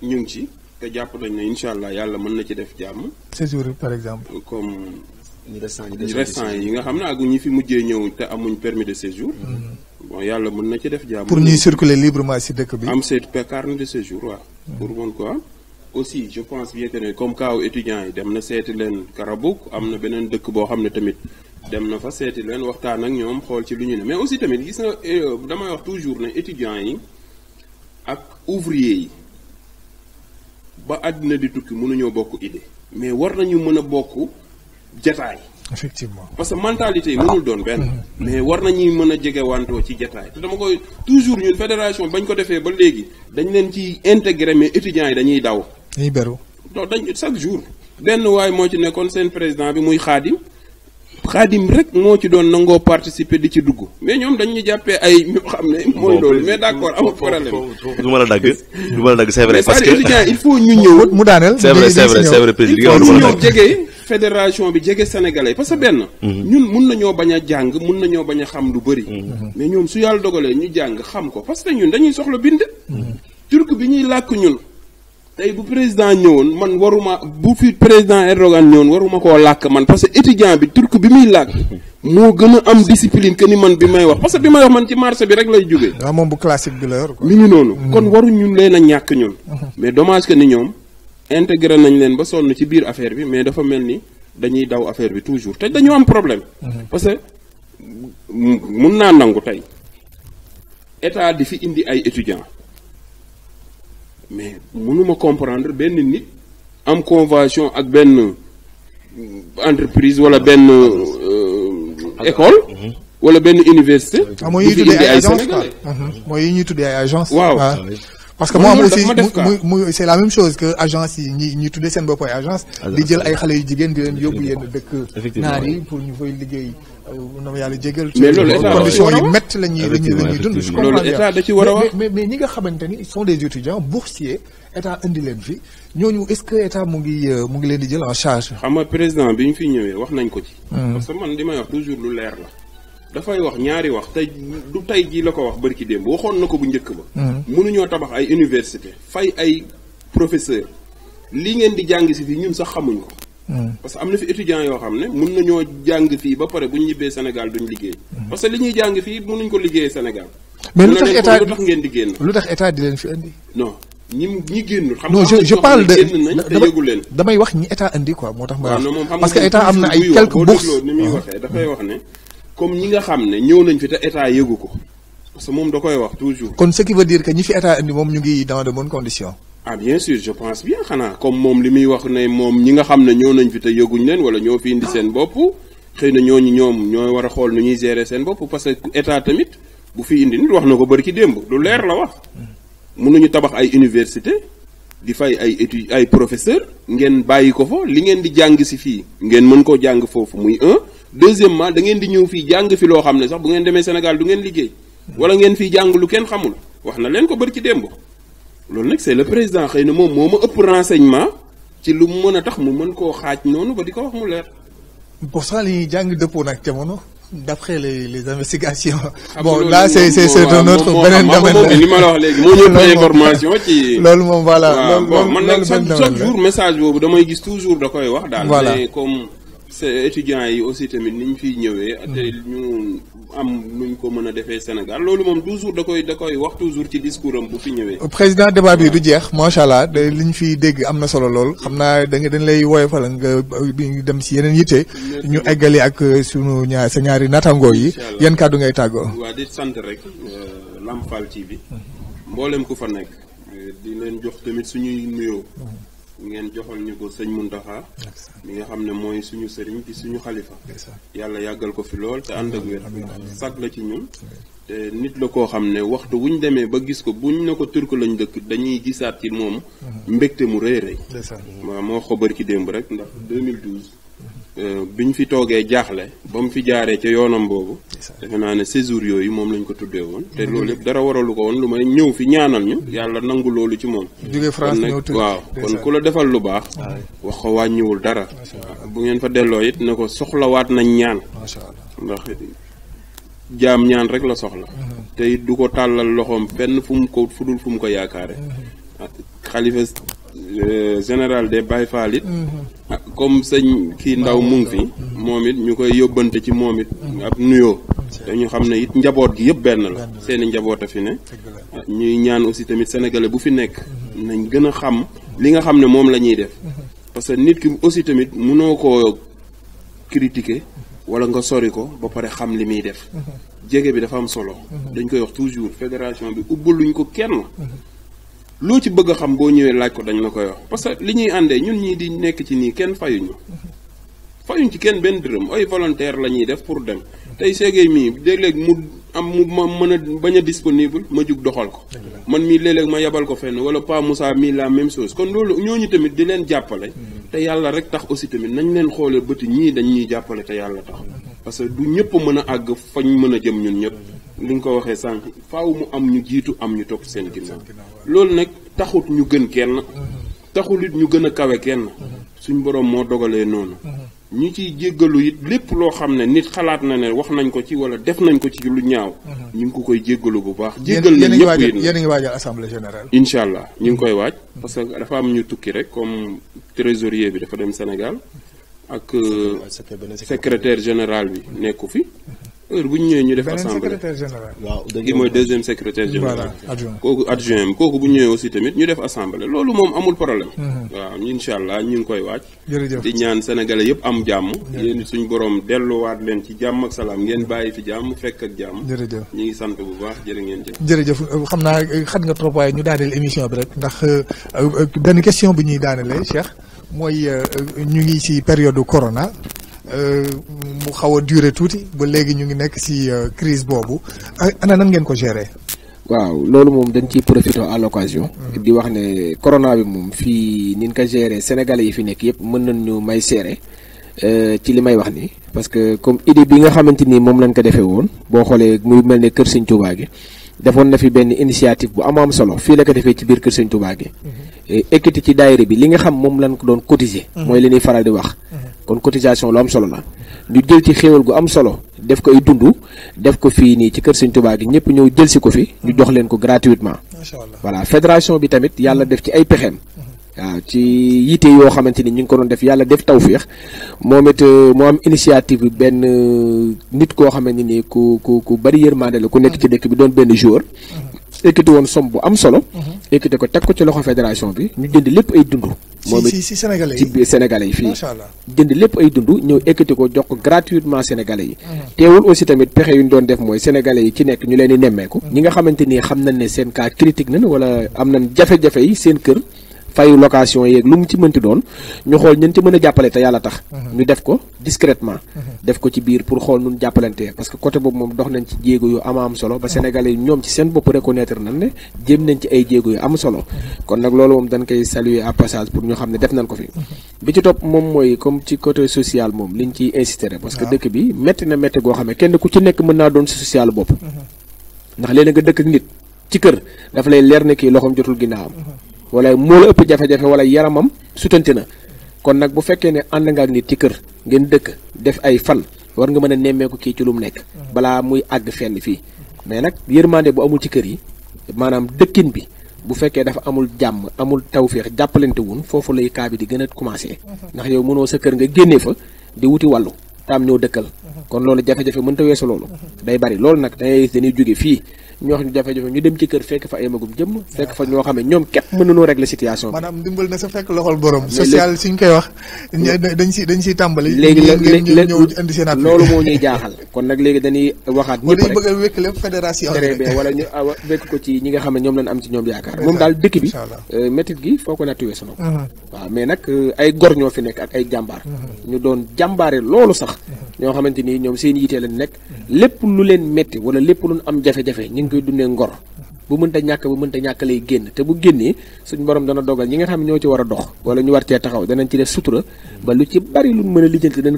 ñu ci te japp nañ ne inshallah allah mën na ci def jamm ces jours par exemple. comme ñi récent yi nga xam ne fi mujjee ñëw te amuñ permis de séjour mm-hmm. bon yalla mën na ci def jàmm pour ñuy circuler librement ci dëkk bi am seen carnet de séjour wa mm-hmm. pour mën quoi aussi je pense bien que comme kaaw étudiants yi dem na seeti leen Karabouk amna benen dëkk bo xam tamit dem na fa séti leen waxtaan ak ñom xol ci luñu ñu ne mais aussi tamit gis na euh, dama wax toujours ne étudiants yi ak ouvrier yi ba adina di tukki mënu ñoo bokk idée mais war nañu mëna a bokk jataay. effectivement parce que mentalité yi mënul doon benn. Mm-hmm. mais war nañuy mën a jege wantoo ci jataay te dama koy toujours ñun fédération bañ ko defee ba léegi dañ leen ci intégré mais étudiants yi dañuy daw. dañuy beru. do dañ chaque jour. benn waay moo ci nekkoon seen président bi muy xaadim xaadim rek moo ci doon nangoo participer di ci dugg mais ñoom dañ ñu jàppee ay ñu xam ne mooy loolu mais d' accord amul problème. la dagg du la dagg c' est vrai il faut ñu ñëw. mu daaneel c' est vrai c' est vrai c' est vrai il faut ñu ñëw jege fédération bi parce que benn. Mhm. ñun mun nañoo bañ a jàng mun nañoo bañ a xam lu bëri. Mhm. mais ñoom su yàlla dogalee ñu jàng xam ko parce que ñun dañuy soxla bind. Mhm. turc bi ñuy làkk ñun. tey bu président ñëwoon man waruma bu fi président Erdogan ñëwoon waruma koo làkk man parce que étudiant bi turc bi muy làkk moo gën a am discipline que ni man bi may wax parce que bi may wax man ci marché bi rek lay jógee. waaw ah, moom bu classique bi la yor mi ngi noonu. Hmm. kon waru ñun leen a ñàkk ñun. Hmm. mais dommage que ni ñoom intégré nañ leen ba sonn ci biir affaire bi mais dafa mel ni dañuy daw affaire bi toujours te dañu am problème. Hmm. parce que mun naa nangu tey état di fi indi ay étudiants. mais ma comprendre benn nit am convention ak benn euh, entreprise wala benn euh, école mhm. wala benn université. du ah, fi indi ay sénégalais mhm. mooy yi ñuy tuddee ay agence parce que moi aussi c'est la même chose que agence ni ni ñi tuddee seen bopp agence ah, di jël ay xalé yu jigéen di len yóbbu yenn dëkk nari pour ñu fay liguey euh, na yalla yàlla jégal ci condition yu métti la ñuy la ñuy la ñuy dund je comprends bien mais mais ñi nga xamanteni ils sont des étudiants boursiers état indi len fi ñooñu est-ce que état mu ngi euh, mu ngi len di jël en charge xam nga président biñ fi ñëwé wax nañ ko ci hmm. parce que man li may wax toujours lu leer la dafay wax ñaari wax tey du tey jii la ko wax bërki démb waxoon na ko bu njëkk ba mun mm-hmm. na ñoo tabax ay université fay ay professeur lii ngeen di jàng si fii ñun sax xamuñ ko mm-hmm. parce que am na fi yoo xam ne mun nañoo jàng fii ba pare bu ñu ñibbee Sénégal duñ liggéey mm-hmm. parce que li ñuy jàng fii mënuñ ko liggéeyee Sénégal mais lu tax état ngeen di génn lu tax état di leen fi indi non ñi ñi génnul xam non je parle de yëgu leen damay wax ñi état indi quoi moo tax ma ah, wax parce que état am na ay quelques bourses ni muy ah. waxee dafay wax ne comme ñi nga xam ne ñëw nañ fi te état yëgu ko parce que moom da koy wax toujours. kon ce qui veut que ñi fi état indi moom ñu ngi dans de bonnes conditions. ah bien sûr je pense bien xanaa comme moom li muy wax ne moom ñi nga xam ne ñëw nañ fi te yëguñ leen wala ñoo fi indi seen bopp xëy na ñooñu ñoom ñoo war a xool nu ñuy gérer seen bopp parce que état tamit bu fi indi nit wax na ko bëri ci démb lu leer la wax. mënuñu tabax ay université di fay ay études ay professeurs ngeen bàyyi ko fa li ngeen di jàng si fii ngeen mën koo jàng foofu muy deuxièmement da ngeen di ñëw fii jàng fi loo xam ne sax bu ngeen demee Sénégal du ngeen liggéey wala ngeen fii jàng lu kenn xamul wax na leen ko bër ci démb loolu nag c'est le président xëy na moom moo ma ëpp renseignement ci lu mu mën a tax mu mën koo xaaj noonu ba di ko wax mu leer. pour ça li ñuy jàng dëppoo nag jamono d'après les les investigations. Ah, bon là c'est c'est c'est un autre beneen domaine li ma la wax léegi moo ñëpp information ci. loolu moom voilà loolu loolu man nag chaque jour message boobu damay gis toujours da koy wax. daal mais comme. c'est étudiants yi aussi tamit ni ñu fiy ñëwee. Mm-hmm. te ñu am nuñ ko mën a defee Sénégal loolu moom toujours da koy da koy wax toujours ci discours am bu fi ñëwee. président débat bi du jeex macha allah de li ñu fiy dégg am na solo lool xam naa da nga dañ lay woyofal nga dem si yeneen yitte. ñu eggali ak suñu ñaar sa ñaari naataangoo yi. yan kàddu ngay tàggoo. waa di sant rek euh, Lamp Fall TV. Mm-hmm. mboolem ku fa nekk. di leen jox tamit suñuy nuyoo. Mm-hmm. ngeen joxal ñu ko sëñ Muntaxa mi nga xam ne mooy suñu sëriñ di suñu xalifa yàlla yàggal ko fi lool te ànd ak wér sag la ci ñun te nit la koo xam ne waxtu wuñ demee ba gis ko buñ ne ko turk lañu dëkk dañuy gisaat ci moom mhm. mbégte mu rëy rëy waaw moo xobar ci démb rek ndax 2012 Euh, bi ñu fi toogee jaaxle ba mu fi jaaree ca yoonam boobu. defe naa ne séjour yooyu moom lañ ko tuddee woon. te mm-hmm. loolu yëpp dara waralu ko woon lu may ñëw fi ñaanal ñu. yàlla nangu loolu ci moom. jóge France ñëw tuuti waaw kon ku la defal lu baax. wax ko wàññiwul dara. bu ngeen fa delloo it ne ko soxlawaat nañ ñaan. macha allah ndax jaam ñaan rek la soxla. Mm-hmm. te it du ko tàllal loxoom fenn fum ko fu dul fu mu ko yaakaare. Mm-hmm. xalifa Euh, général des Baye Fall it mhm. ah, comme sëñ kii ndaw mu fi mhm. moom it ñu koy yóbbante ci moom it mhm. ab nuyoo dañu xam ne it njaboot gi yëpp benn la seeni njaboot fi ne ah, ñuy ñaan aussi tamit sénégalais bu fi nekk nañ gën a xam li nga xam ne moom la ñuy def parce que nit ki aussi tamit munoo ko critiquer wala nga sori ko ba pare xam li muy def jege bi dafa am solo dañ koy wax toujours fédération bi luñ ko kenn loo ci bëgg a xam boo ñëwee laaj ko dañ la koy wax parce que li ñuy àndee ñun ñii di nekk ci nii kenn fayuñu fayuñ ci kenn benn dërëm ay volontaire la ñuy def pour dem tey seegey mii léeg-léeg mu am mu ma mën a bañ a disponible ma jug doxal ko man mii léeg-léeg ma yebal ko fenn wala Pa Moussa mii la même chose kon loolu ñooñu tamit di leen jàppale te yàlla rek tax aussi tamit nañ leen xoolee bëti ñii dañ ñuy jàppale te yàlla tax parce que du ñëpp mën a àgg fañ mën a jëm ñun ñëpp li ngi ko waxee sànq faw mu am ñu jiitu am ñu topp seen ginnaaw loolu nag taxut ñu gën kenn taxul it ñu gën a kawe kenn suñ borom moo dogalee noonu ñu ciy jéggalu it lépp loo xam ne nit xalaat na ne wax nañ ko ci wala def nañ ko ci lu ñaaw ñu ngi ko koy jéggalu bu baax jéggal na ñëpp yéen yéen a ngi waajal assemblée générale allah ñu ngi koy waaj parce que dafa am ñu tukki rek comme trésorier bi dafa dem Sénégal ak euh, secrétaire général bi nekku fi heure bu ñu ñëwee ñu def assemblée waaw kii mooy deuxième secrétaire général kooku adjoint am kooku bu ñu ñëwee aussi tamit ñu def assemblée loolu moom amul problème mhm. waaw ñu incha allah ñu ngi koy waaj di ñaan sénégalais yëpp am jàmm leen suñ borom delluwaat leen ci jàmm ak salaam ngeen bàyyi fi jàmm fekk ak jàmm ñu ngi sant bu baax jërë ngeen jëf jërëjëf xam naa xat nga trop waaye ñu daaneel émission bi rek ndax euh, euh, benn question bi ñuy daanelee Cheikh mooy euh, ñu ngi si période corona mu xaw a durer tuuti ba léegi ñu ngi nekk ci euh, crise boobu euh, ana nan ngeen ko gérer. waaw loolu moom dañ ciy profité à l'occasion hmm. di wax ne corona bi moom fii ni ko gérer sénégalais yi fi nekk yëpp mën nañ ñu may seere euh, ci li may wax nii parce que comme idée bi nga xamante nii moom lañ ko defee woon boo xoolee muy mel ne Kër Sëñ Tuubaa gi. defoon na fi benn initiative bu am am solo fii la ko defee ci biir kër sëñ Touba gi. ekkiti ci daayira bi li nga xam moom lañ ko doon cotiser. mooy li ñuy faral di wax. kon cotisation lu am solo la. ñu jël ci xéewal gu am solo def ko ay dund def ko fii nii ci kër sëñ Touba gi ñëpp ñëw jël si ko fi ñu jox leen ko gratuitement. macha allah voilà fédération bi tamit yàlla def ci ay pexeem. waaw ci yitte yoo xamante ni ñu ngi ko doon def yàlla def tawféex moom it euh, mu am initiative benn euh, nit koo xamante ni ku ku ku bari yërmande la ku nekk ci dëkk bi doon benn jour. équité mm-hmm. woon somme bu am solo. équité mm-hmm. ko teg ko ci loxo fédération bi ñu jënd lépp ay dund. moom it ci Sénégalais yi ci Sénégalais yi fii. jënd lépp ay dund ñëw équité ko jox ko gratuitement Sénégalais yi. Mm-hmm. teewul aussi tamit pexe yu ñu doon def mooy Sénégalais yi ci nekk ñu leen di nemmeeku. ñi nga xamante ni xam na ne seen cas critique nañ wala am nañ jafe yi seen kër. fayu location yeeg lu mu ci mënti doon ñu xool ñen ci mën a jàppale te yàlla tax mhm. ñu def ko discrètement mhm. def ko ci biir pour xool nun jàppalante parce que côté boobu moom dox nañ ci jéego yu ama am solo ba mhm. sénégalais yi ñoom ci seen bopp reconnaître nañ ne jéem nañ ci am solo kon nag loolu moom dañ koy saluer à pour ñu xam ne def nañ ko fi bi ci topp moom mooy comme ci côté social moom liñ ciy insisté parce que dëkk bi métti na métti goo xam ne kenn ku ci nekk mën naa doon si social bopp ndax léeg-léeg dëkk ak nit ci kër dafa lay leer na kii loxoom jotul am wala moo la ëpp jafe-jafe wala yaramam sutante na kon nag bu fekkee ne ànd nga ak nit ci kër ngeen dëkk def ay fan war nga mën a nemmeeku kii ci lu mu nekk. balaa muy àgg fenn fii mais nag yërmande bu amul ci kër yi maanaam dëkkin bi. bu fekkee dafa amul jàmm amul tawféex jàppalante wun foofu lay kaa bi di gën a ndax yow mënoo sa kër nga génnee fa di wuti wallu taam ñoo dëkkal kon loolu jafe-jafe mënta weesu loolu day bari loolu nag dangay dañuy fii ñu wax ñu jafe-jafe ñu dem ci kër fekk fa ay magum jëmm fekk fa ñoo xam ne ñoom képp mënuñoo régler situation bi maanaam dimbal na sa fekk loxol borom social si léegi ñëw indi seen at loolu moo ñuy jaaxal kon nag léegi dañuy waxaat ñëpp bëgg a wékk lépp fédération très bien wala ah, ko ci ñi nga xam ne ñoom lañ am ci ñoom yaakaar moom daal dëkk bi euh, métit gi foo ko nattuwee sama ko mhm. waaw mais nag euh, ay gor ñoo fi nekk ak ay jàmbaar mhm. ñu doon jàmbaare loolu sax mhm. ñoo xamante nii ñoom seen yitee lañ nekk lépp lu leen métti wala lépp luñ am jafe-jafe koy dundee ngor bu mënta ñàkk bu mënta ñàkk lay génn te bu génnee suñ borom dana dogal ñi nga xam ne ñoo ci war a dox wala ñu war cee taxaw danañ ci def sutura ba lu a lijjanti ndax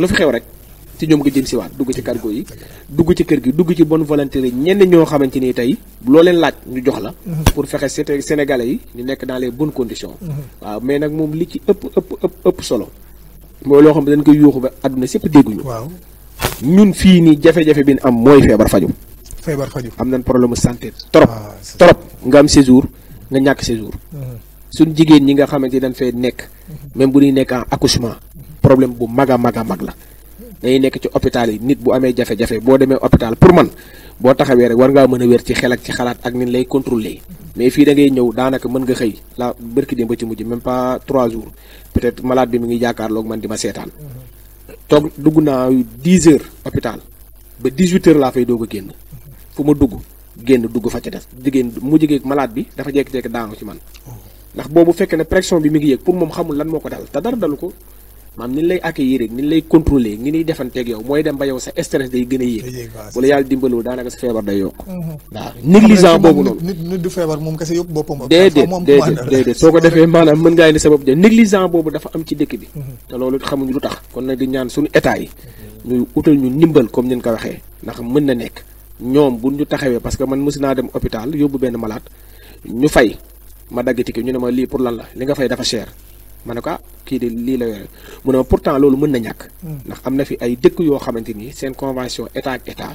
lu fi rek ci ñoom nga jëm si waat dugg ci cargo yi dugg ci kër gi dugg ci bonne volonté yi ñenn ñoo xamante ni tey loo leen laaj ñu jox la mm-hmm. pour fexe sénégalais yi ñu nekk dans les bonnes conditions mm-hmm. waaw mais nag moom li ci ëpp ëpp ëpp solo mooy loo xam ne dañ koy ba àdduna sépp dégguñu ñun fii nii jafe-jafe bi ñu am mooy feebar faju feebar faju am nañ problème santé trop ah, trop nga am séjour nga ñàkk séjour mm-hmm. suñ jigéen ñi nga xamante ni dañ fay nekk mm-hmm. même bu ñuy nekk en accouchement mm-hmm. problème bu mag a mag a mag la dañuy nekk ci hôpital yi nit bu amee jafe-jafe boo demee hôpital pour man boo taxawee rek war ngaa mën a wér ci xel ak ci xalaat ak nin lay contrôler mais fii da ngay ñëw daanaka mën nga xëy la bërki dem ba ci mujj même pas trois jours peut-être malade bi mu ngi jàkkaarloog man di ma seetaan toog dugg naa dix heures hôpital ba dix huit heures laa fay doog a génn fu ma dugg génn dugg fa ca des jigéen mu jigéen malaat bi dafa jékki-jékki daanu ci man oh. ndax boobu fekkee ne pression bi mu ngi yëg pour moom xamul lan moo ko dal te dara dalu ko maam ni lay accueillir rek ni lay contrôler ni ñuy defanteeg yow mooy dem ba yow sa stress day gën a yéeg bu yàlla dimbaloo daanaka sa feebar day yokk mm-hmm. waaw boobu noonu nit nit moom kese yóbbu boppam déedéet déedéet ko defee maanaam mën ngaa ni sabab ja négligent boobu dafa am ci dëkk bi mm-hmm. te loolu xamuñu lu tax kon nag di ñaan suñu état yi ñu utal ñu ndimbal comme ñu ko waxee ndax mën na nekk ñoom bu ñu taxawee parce que man mos naa dem hôpital yóbbu benn malaat ñu fay ma dagg ki ñu ne ma lii pour lan la li nga fay dafa cher manaka ki di li la yore mu ne pourtant loolu meun na ñak hmm. ndax amna fi ay dekk yo xamanteni ni convention état ak état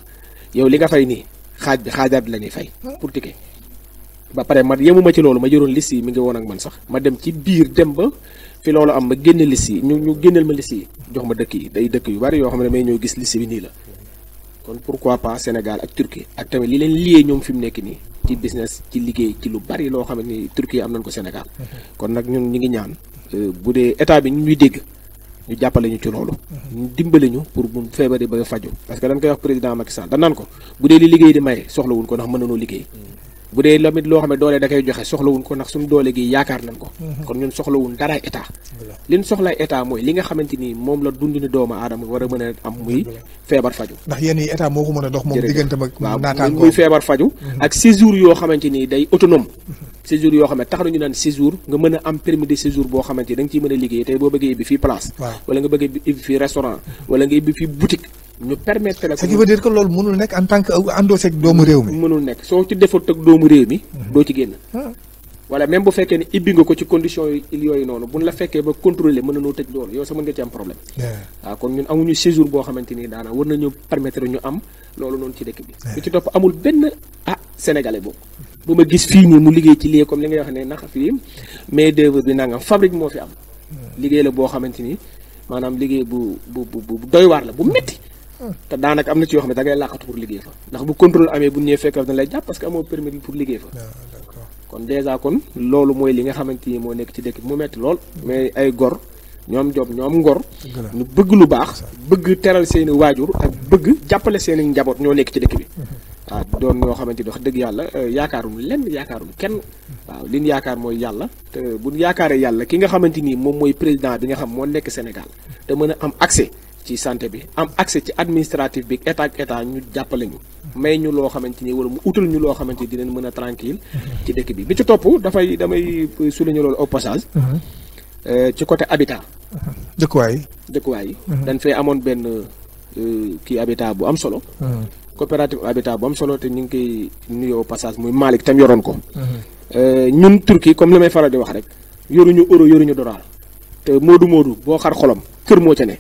yow li nga fay ni xaj bi xajab lañuy la fay hmm. pour tiké ba pare ma yemuma ci loolu ma jëron liste mi ngi won ak man sax ma dem ci bir dem ba fi loolu am ma genn liste ñu ñu ma jox ma dekk yi day dekk yu bari yo xam may ñoo gis liste bi ni la. kon pourquoi pas Sénégal ak Turquie ak tamit li leen lié ñom fim nekk ni ci business ci liggéey ci lu bari lo xam ne Turquie am nañ ko Sénégal hmm. kon nak ñun ñi ngi ñaan. Euh, bu dee état bi ñu ñuy dégg ñu jàppale ñu ci loolu. Mhm. ñu dimbale ñu pour bu feebaree ba faju parce que dañ koy wax président Macky Sall dañ naan ko bu dee li liggéey di maye soxlawul ko ndax mën na noo liggéey. Mhm. bu dee lamit loo xam doole da koy joxe soxlawuñ ko ndax suñu doole gi yaakaar nañ ko mhm. kon ñun soxlawuñ daraay état li ñu soxlaay état mooy li nga xamante ni moom la dundini doomu aadama war a mën a am muy feebar faju ndax yéen yi état moo ko mën a moom muy feebar faju mhm. ak séjour yoo xamante ni day autonome mhm. séjour yoo xam ne tax nañu naan séjour nga mën a am permis de séjour boo xamante ni da nga mën a liggéey tey boo bëggee ibbi fii place ñu permettre la. ce qui veut que loolu mënul nekk en tant que endossé ak doomu réew mi. mënul nekk soo ci defut ak doomu réew mi. Mhm. doo ci génn. wala ah. même bu fekkee ne ibbi nga ko ci condition yooyu noonu buñ la fekkee ba contrôler mën nañoo tëj loolu yow sa mën nga ci am problème. waaw ah, kon ñun amuñu séjour boo xamante ni daana war nañu permettre ñu am loolu noonu ci dëkk bi. bu ci topp amul benn ah sénégalais boobu. bu ma gis fii nii mu liggéey ci lii comme li ngay wax ne naxa fii main d'œuvre bi nangam fabrique moo fi am. liggéey la boo xamante ni maanaam liggéey bu bu bu doy waar la bu métti. te daanaka am na ci yoo xam ne da ngay làqatu pour liggéey fa ndax bu contrôle amee bu ñëwee fekk dañ lay jàpp parce que amoo permis bi pour liggéey fa ah, kon dèjà kon loolu mooy li nga xamante ni moo nekk ci dëkk bi mu lool mais ay gor ñoom jom ñoom ngor ñu bëgg lu baax bëgg teral seeni waajur ak bëgg jàppale seeni njaboot ñoo nekk ci dëkk bi waaw mm-hmm. ah, doon ñoo xamante ni wax dëgg yàlla euh, yaakaaruñ lenn yaakaaruñ kenn waaw liñ yaakaar mooy yàlla te buñ yaakaaree yàlla ki nga xamante ni moom mooy président bi nga xam moo nekk Sénégal te mën a am accès ci santé bi am accès ci administratif bi état ak état ñu jàppale ñu may ñu loo xamante ni wala mu utal ñu loo xamante ni dinañ mën a tranquille ci dëkk bi bi ci topp dafay damay su souligner loolu au passage euh, ci côté habitat dëkkuwaay yi dëkkuwaay yi mhm. fay amoon benn euh, kii habitat bu am solo mhm. coopérative habitat bu am solo te ñu ngi koy nuyoo au muy Malick tam yoroon ko mhm. euh, ñun Turquie comme li may faral di wax rek yoruñu euro yoruñu dollar te moodu moodu boo xar xolom kër moo ca ne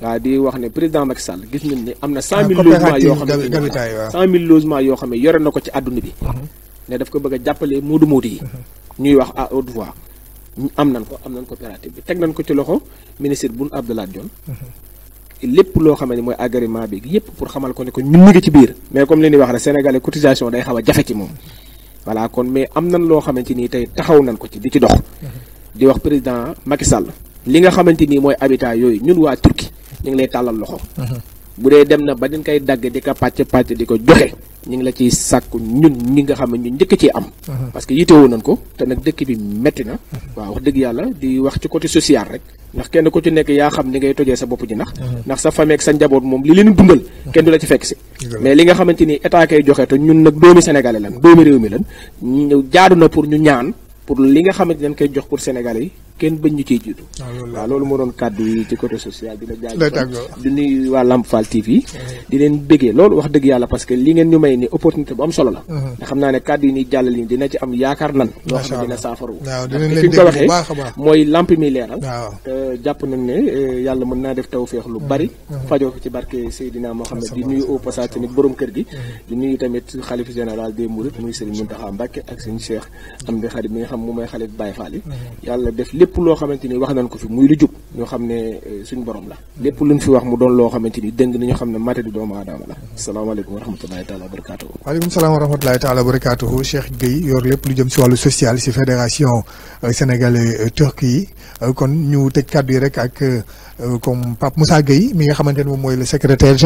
waaw di wax ne président Macky Sall gis nañ ne am na cent mille ah, logements yoo xam ne cent mille ne yore na ko ci àdduna bi mhm. ne daf ko bëgg a jàppale moodu moodu yi mhm. ñuy wax à haute voix am nañ ko am nañ coopérative bi teg nañ ko ci loxo ministre Boun Abdallah Dionne mhm. lépp loo xam ne mooy agrément bi yépp pour xamal ko ne ko ñun ñu ngi ci biir mais comme li ñuy wax rek sénégalais cotisation day xaw a jafe ci moom voilà kon mais am nan loo xamante nii tey taxaw nañ ko ci di ci dox di wax président Macky Sall li nga xamante nii mooy habitat yooyu ñun waa Turquie ñu ngi lay tàllal loxo. Mhm. bu dee dem na ba dañ koy dagg di ko pàcc pàcc di ko joxe ñu ngi la ciy sàkku ñun ñi nga xam ne ñu njëkk ci am. Mhm. parce que yiteewoo nañ ko te nag dëkk bi métti na. Mhm. waaw dëgg yàlla di wax ci côté social rek ndax kenn ku ci nekk yaa xam ni ngay tojee sa bopp ji ndax. ndax sa famille ak sa njaboot moom li leen dundal. kenn du la ci fekk si. mais li nga xamante ni état koy joxe te ñun nag doomi sénégalais lan doomi réew mi lan ñu jaadu na pour ñu ñaan pour li nga xamante dañ koy jox pour sénégalais yi kenn bañ ñu ciy jiitu. Ah, waaw loolu moo doon kàddu yi ci côté social bi la. jaajëfal di nuyu waa Lamp eh. leen bëggee loolu wax dëgg yàlla parce que li ngeen ñu may ni opportunité bu am solo la. Uh-huh. nga xam naa ne kàddu yi ñuy jàll nii dina ci am yaakaar nan. loo xam ne dina saafaru. waaw dinañ leen dégg bu baax a baax mooy lamp mi leeral. waaw jàpp nañ ne eh, naa def tawféex lu uh-huh. bari. Uh-huh. fajoo ko ci barke Seydina Mohamed di nuyu au passage tamit borom kër gi. di nuyu tamit xalif général des Mourides muy Serigne Mountakha Mbacké ak Serigne Cheikh am di xarit mi nga xam mu may xalif Baye Fall yi yàlla def lépp loo xamante ni wax nañ ko fi muy lu jub ñoo xam ne euh, suñu borom la lépp luñ fi wax mu doon loo xamante ni dëng nañu xam ne mate di doomu aadama la salaamaaleykum wa rahmatulahi taala wa barakatuhu waaleykum salaam wa rahmatulahi taala wa barakatuhu Cheikh Gueye yor lépp lu jëm si wàllu social si fédération euh, sénégalais euh, turquie yi kon ñu tëj kàddu yi rek ak comme Pape Moussa Gueye mi nga xamante ne moom mooy le secrétaire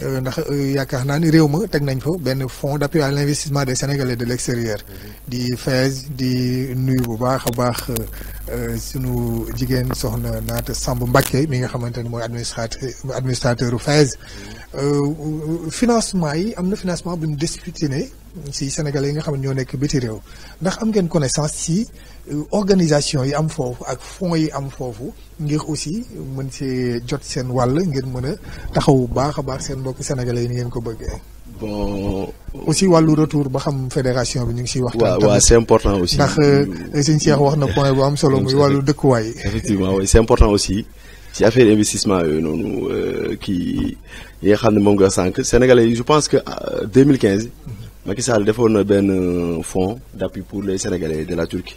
Euh, ndax euh, yaakaar naa ni réew ma teg nañ fa benn fonds d'appui à l'investissement de Sénégalais de l'extérieur di fees di nuyu bu baax a baax euh, sunu jigéen soxna naata Samb Mbacké mi nga xamante ni mooy administrateur administrateur u fees financement yi am na financement bu ñu destiné si Sénégalais yi nga xam ñoo nekk biti réew ndax am ngeen connaissance si Euh, organisation yi am fofu ak fonds yi am fofu ngir aussi mën ci jot seen wàll ngir mën a taxaw bu baax a baax seen mbokk sénégalais yi ni ngeen ko bëggee. bon. aussi wàllu retour ba xam fédération bi ñu ngi siy wax waaw waaw c'est important aussi. ndax euh, sëñ Cheikh wax na point bu am solo muy wàllu dëkkuwaay. effectivement oui c'est important aussi ci affaire investissement yooyu noonu qui euh, yi nga xam ne moom nga sànq sénégalais yi je pense que 2015. Mhm. Macky Sall defoon na benn fonds d'appui pour les sénégalais de la Turquie.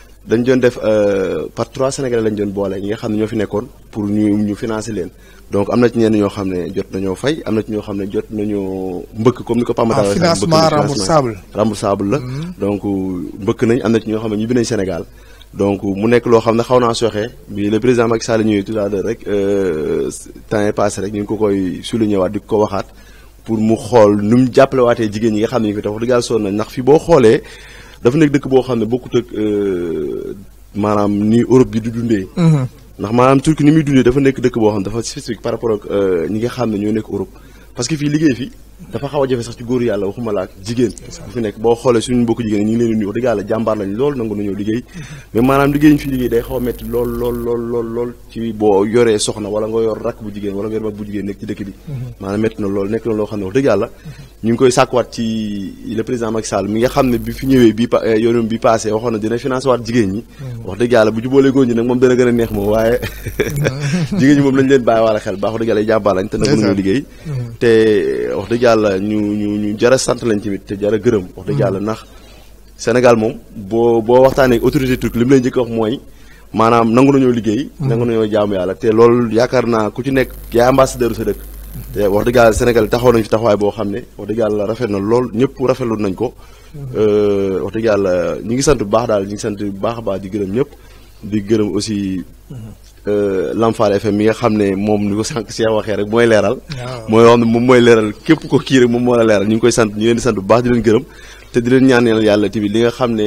dañu doon def euh, par trois sénégalais lañ doon boole ñi nga xam ne ñoo fi nekkoon pour ñu ñu financer leen donc am na ci ñenn ñoo xam ne jot nañoo fay am na ñoo xam ne jot nañoo mbëkk comme ni ko ma Talla financement remboursable remboursable la mm-hmm. donc euh, mbëkk nañ am na ci ñoo xam ne ñu bi nañ Sénégal donc euh, mu nekk loo xam ne xaw naa soxee bi le président ma Sall ñëwee tout à l'heure rek temps yi passé rek ñu ngi ko koy souligner waat di ko waxaat pour mu xool nu mu jàppalewaatee jigéen ñi nga xam ne ñu fi tax wax dëgg yàlla ndax fi boo xoolee dafa nekk dëkk boo xam ne bokkut ak euh, maanaam ni Europe bi du dundee. Mhm. ndax maanaam Turquie ni muy dundee dafa nekk dëkk boo xam ne dafa spécifique par rapport ak euh, ñi nga xam ne ñoo nekk Europe. parce que fii liggéey fi dafa xaw a jafe sax ci góor yàlla waxuma la ak jigéen boo xoolee suñu mbokk jigéen ñi leen di nuyu wax dëgg yàlla ñu a metti lool lool lool lool lool ci boo nga xam ne wax dëgg yàlla ñu ngi koy sàkkuwaat ci le président Macky Sall mi nga xam ne bi fi ñëwee bi euh, yoonam waxoon na dina financé waat jigéen ñi mm. wax dëgg yàlla bu jubóolee góor ñi nag moom dana gën a neex moom waaye jigéen ñi moom lañ leen bàyyi waale xel baax wax dëgg yàlla jàmbaar lañ te nangu nañoo liggéey mm. te wax dëgg yàlla ñu ñu ñu jara sant lañ tamit te jara gërëm wax dëgg yàlla mm. ndax Sénégal moom boo boo waxtaanee autorité turque li mu leen njëkk wax mooy maanaam nangu nañoo liggéey mm. nangu nañoo jaamu yàlla te loolu yaakaar naa ku ci nekk yaa ambassadeur sa dëkk mm. te wax dëgg yàlla Sénégal taxaw nañu fi taxawaay boo xam ne wax dëgg yàlla rafet na lool ñëpp rafetlu nañ ko euh, wax dëgg yàlla ñu ngi sant bu baax daal ñu ngi sant bu baax a baax di gërëm ñëpp di gërëm aussi Euh, Lamfar FM mi nga xam ne moom ni ko sànq Cheikh waxee rek mooy leeral. mooy wax moom mooy leeral képp ko kii rek moom moo la leeral ñu ngi koy sant ñu leen di sant bu baax di leen gërëm. te di leen ñaanal yàlla tamit li nga xam ne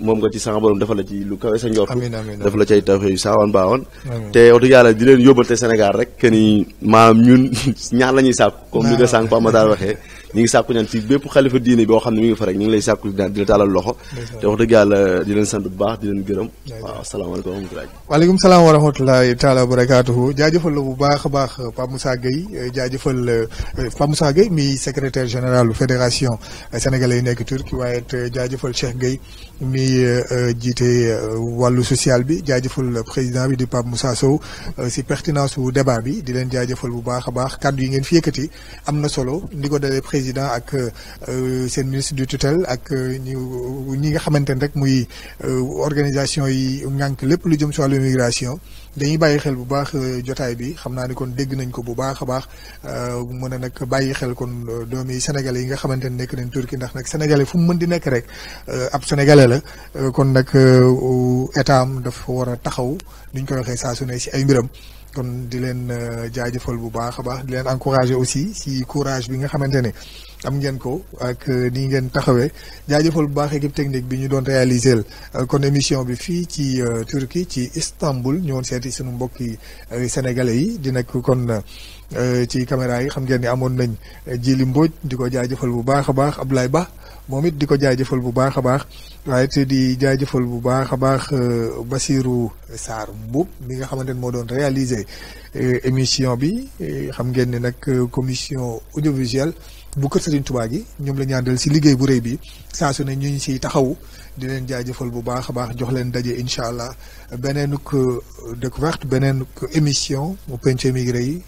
moom nga ci sax borom dafa la ci lu kawe sa njort. amiin amiin dafa la cay tawfeex yu saawan baawan. te wax dëgg yàlla di leen te Sénégal rek que ni ñun ñaan la ñuy sàkku. comme ni ko sànq ma Matar waxee. ñu ngi sàkku ñaan ci bépp xalifa diine boo xam ne mi ngi fa rek ñi ngi lay sàkku ñaan di la taalal loxo te wax dëgg yàlla di sant bu baax di leen gërëm waaw asalaamaaleykum wa rahmatulah waaleykum salaam wa rahmatulahi taala wa barakaatuhu jaajëfal la bu baax a baax Pape Moussa Gueye jaajëfal euh, Pape Moussa Gueye mi secrétaire général fédération sénégal yi nekk Turquie waaye it euh, jaajëfal Cheikh Gueye mi euh, euh, jiite euh, wàllu sociale bi jaajëfal président bi di Pape Moussa Sow si pertinence su débat bi di leen jaajëfal bu baax a baax kàddu yi ngeen fi yëkkati am na solo ndi ko dalee président ak seen ministre du tutelle ak ñu ñi nga xamante ne rek muy organisation yi ngànk lépp lu jëm si wàllu immigration dañuy bàyyi xel bu baax jotaay bi xam naa ni kon dégg nañ ko bu baax a baax mën a nag bàyyi xel kon doomi sénégalais yi nga xamante ne nekk nañ Turquie ndax nag sénégalais fu mu mën di nekk rek ab sénégalais Euh, kon nag euh, état daf dafa war a taxaw nuñ koy waxee saa su si ay mbiram kon di leen euh, jaajëfal bu baax a baax di leen encourager aussi si courage bi nga xamante ne am ngeen ko ak ni ngeen taxawee jaajëfal bu baax équipe technique bi ñu doon réaliser kon émission bi fii ci Turquie ci Istanbul ñëwoon seeti sunu mbokki sénégalais yi di ko kon ci caméra yi xam ngeen ni amoon nañ Jili Mbodj di ko jaajëfal bu baax a baax Abdoulaye Ba moom it di ko jaajëfal bu baax a baax. waaye te di jaajëfal bu baax a baax euh, Basirou Sarr Mbuub mi nga xamante ne moo doon réaliser euh, émission bi euh, xam ngeen ne nag commission audiovisuelle bu kër Serigne Touba gi ñoom la ñu àndal si liggéey bu rëy bi saa su ne ñu ngi siy taxawu di leen jaajëfal bu baax a baax jox leen daje incha allah beneenuk découverte beneenuk émission mu penc émigré yi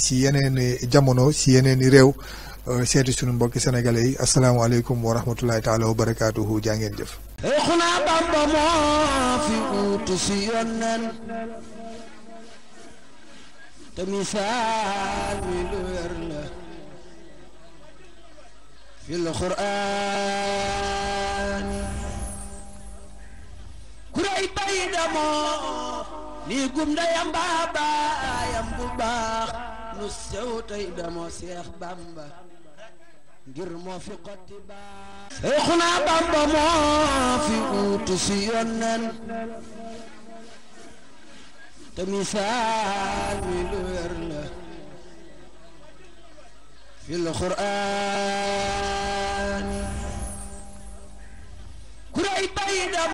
si yeneen jamono si yeneen i réew. Eh, seeti sunu mbokk sénégalais yi assalamu alaykum wa rahmatullahi taala wa barakatuh jaa ngeen jëf xunaa bamba moo fi uutu si yonnen lu yarna fi alquran kuray bayda mo ni gum da yam baba yam bu baax nu sew da mo cheikh bamba ngir moo fi xotti baa xunaa bamba moo fi uutu si yonnan te misaal mi lu wér la fi l quraan ku rey bay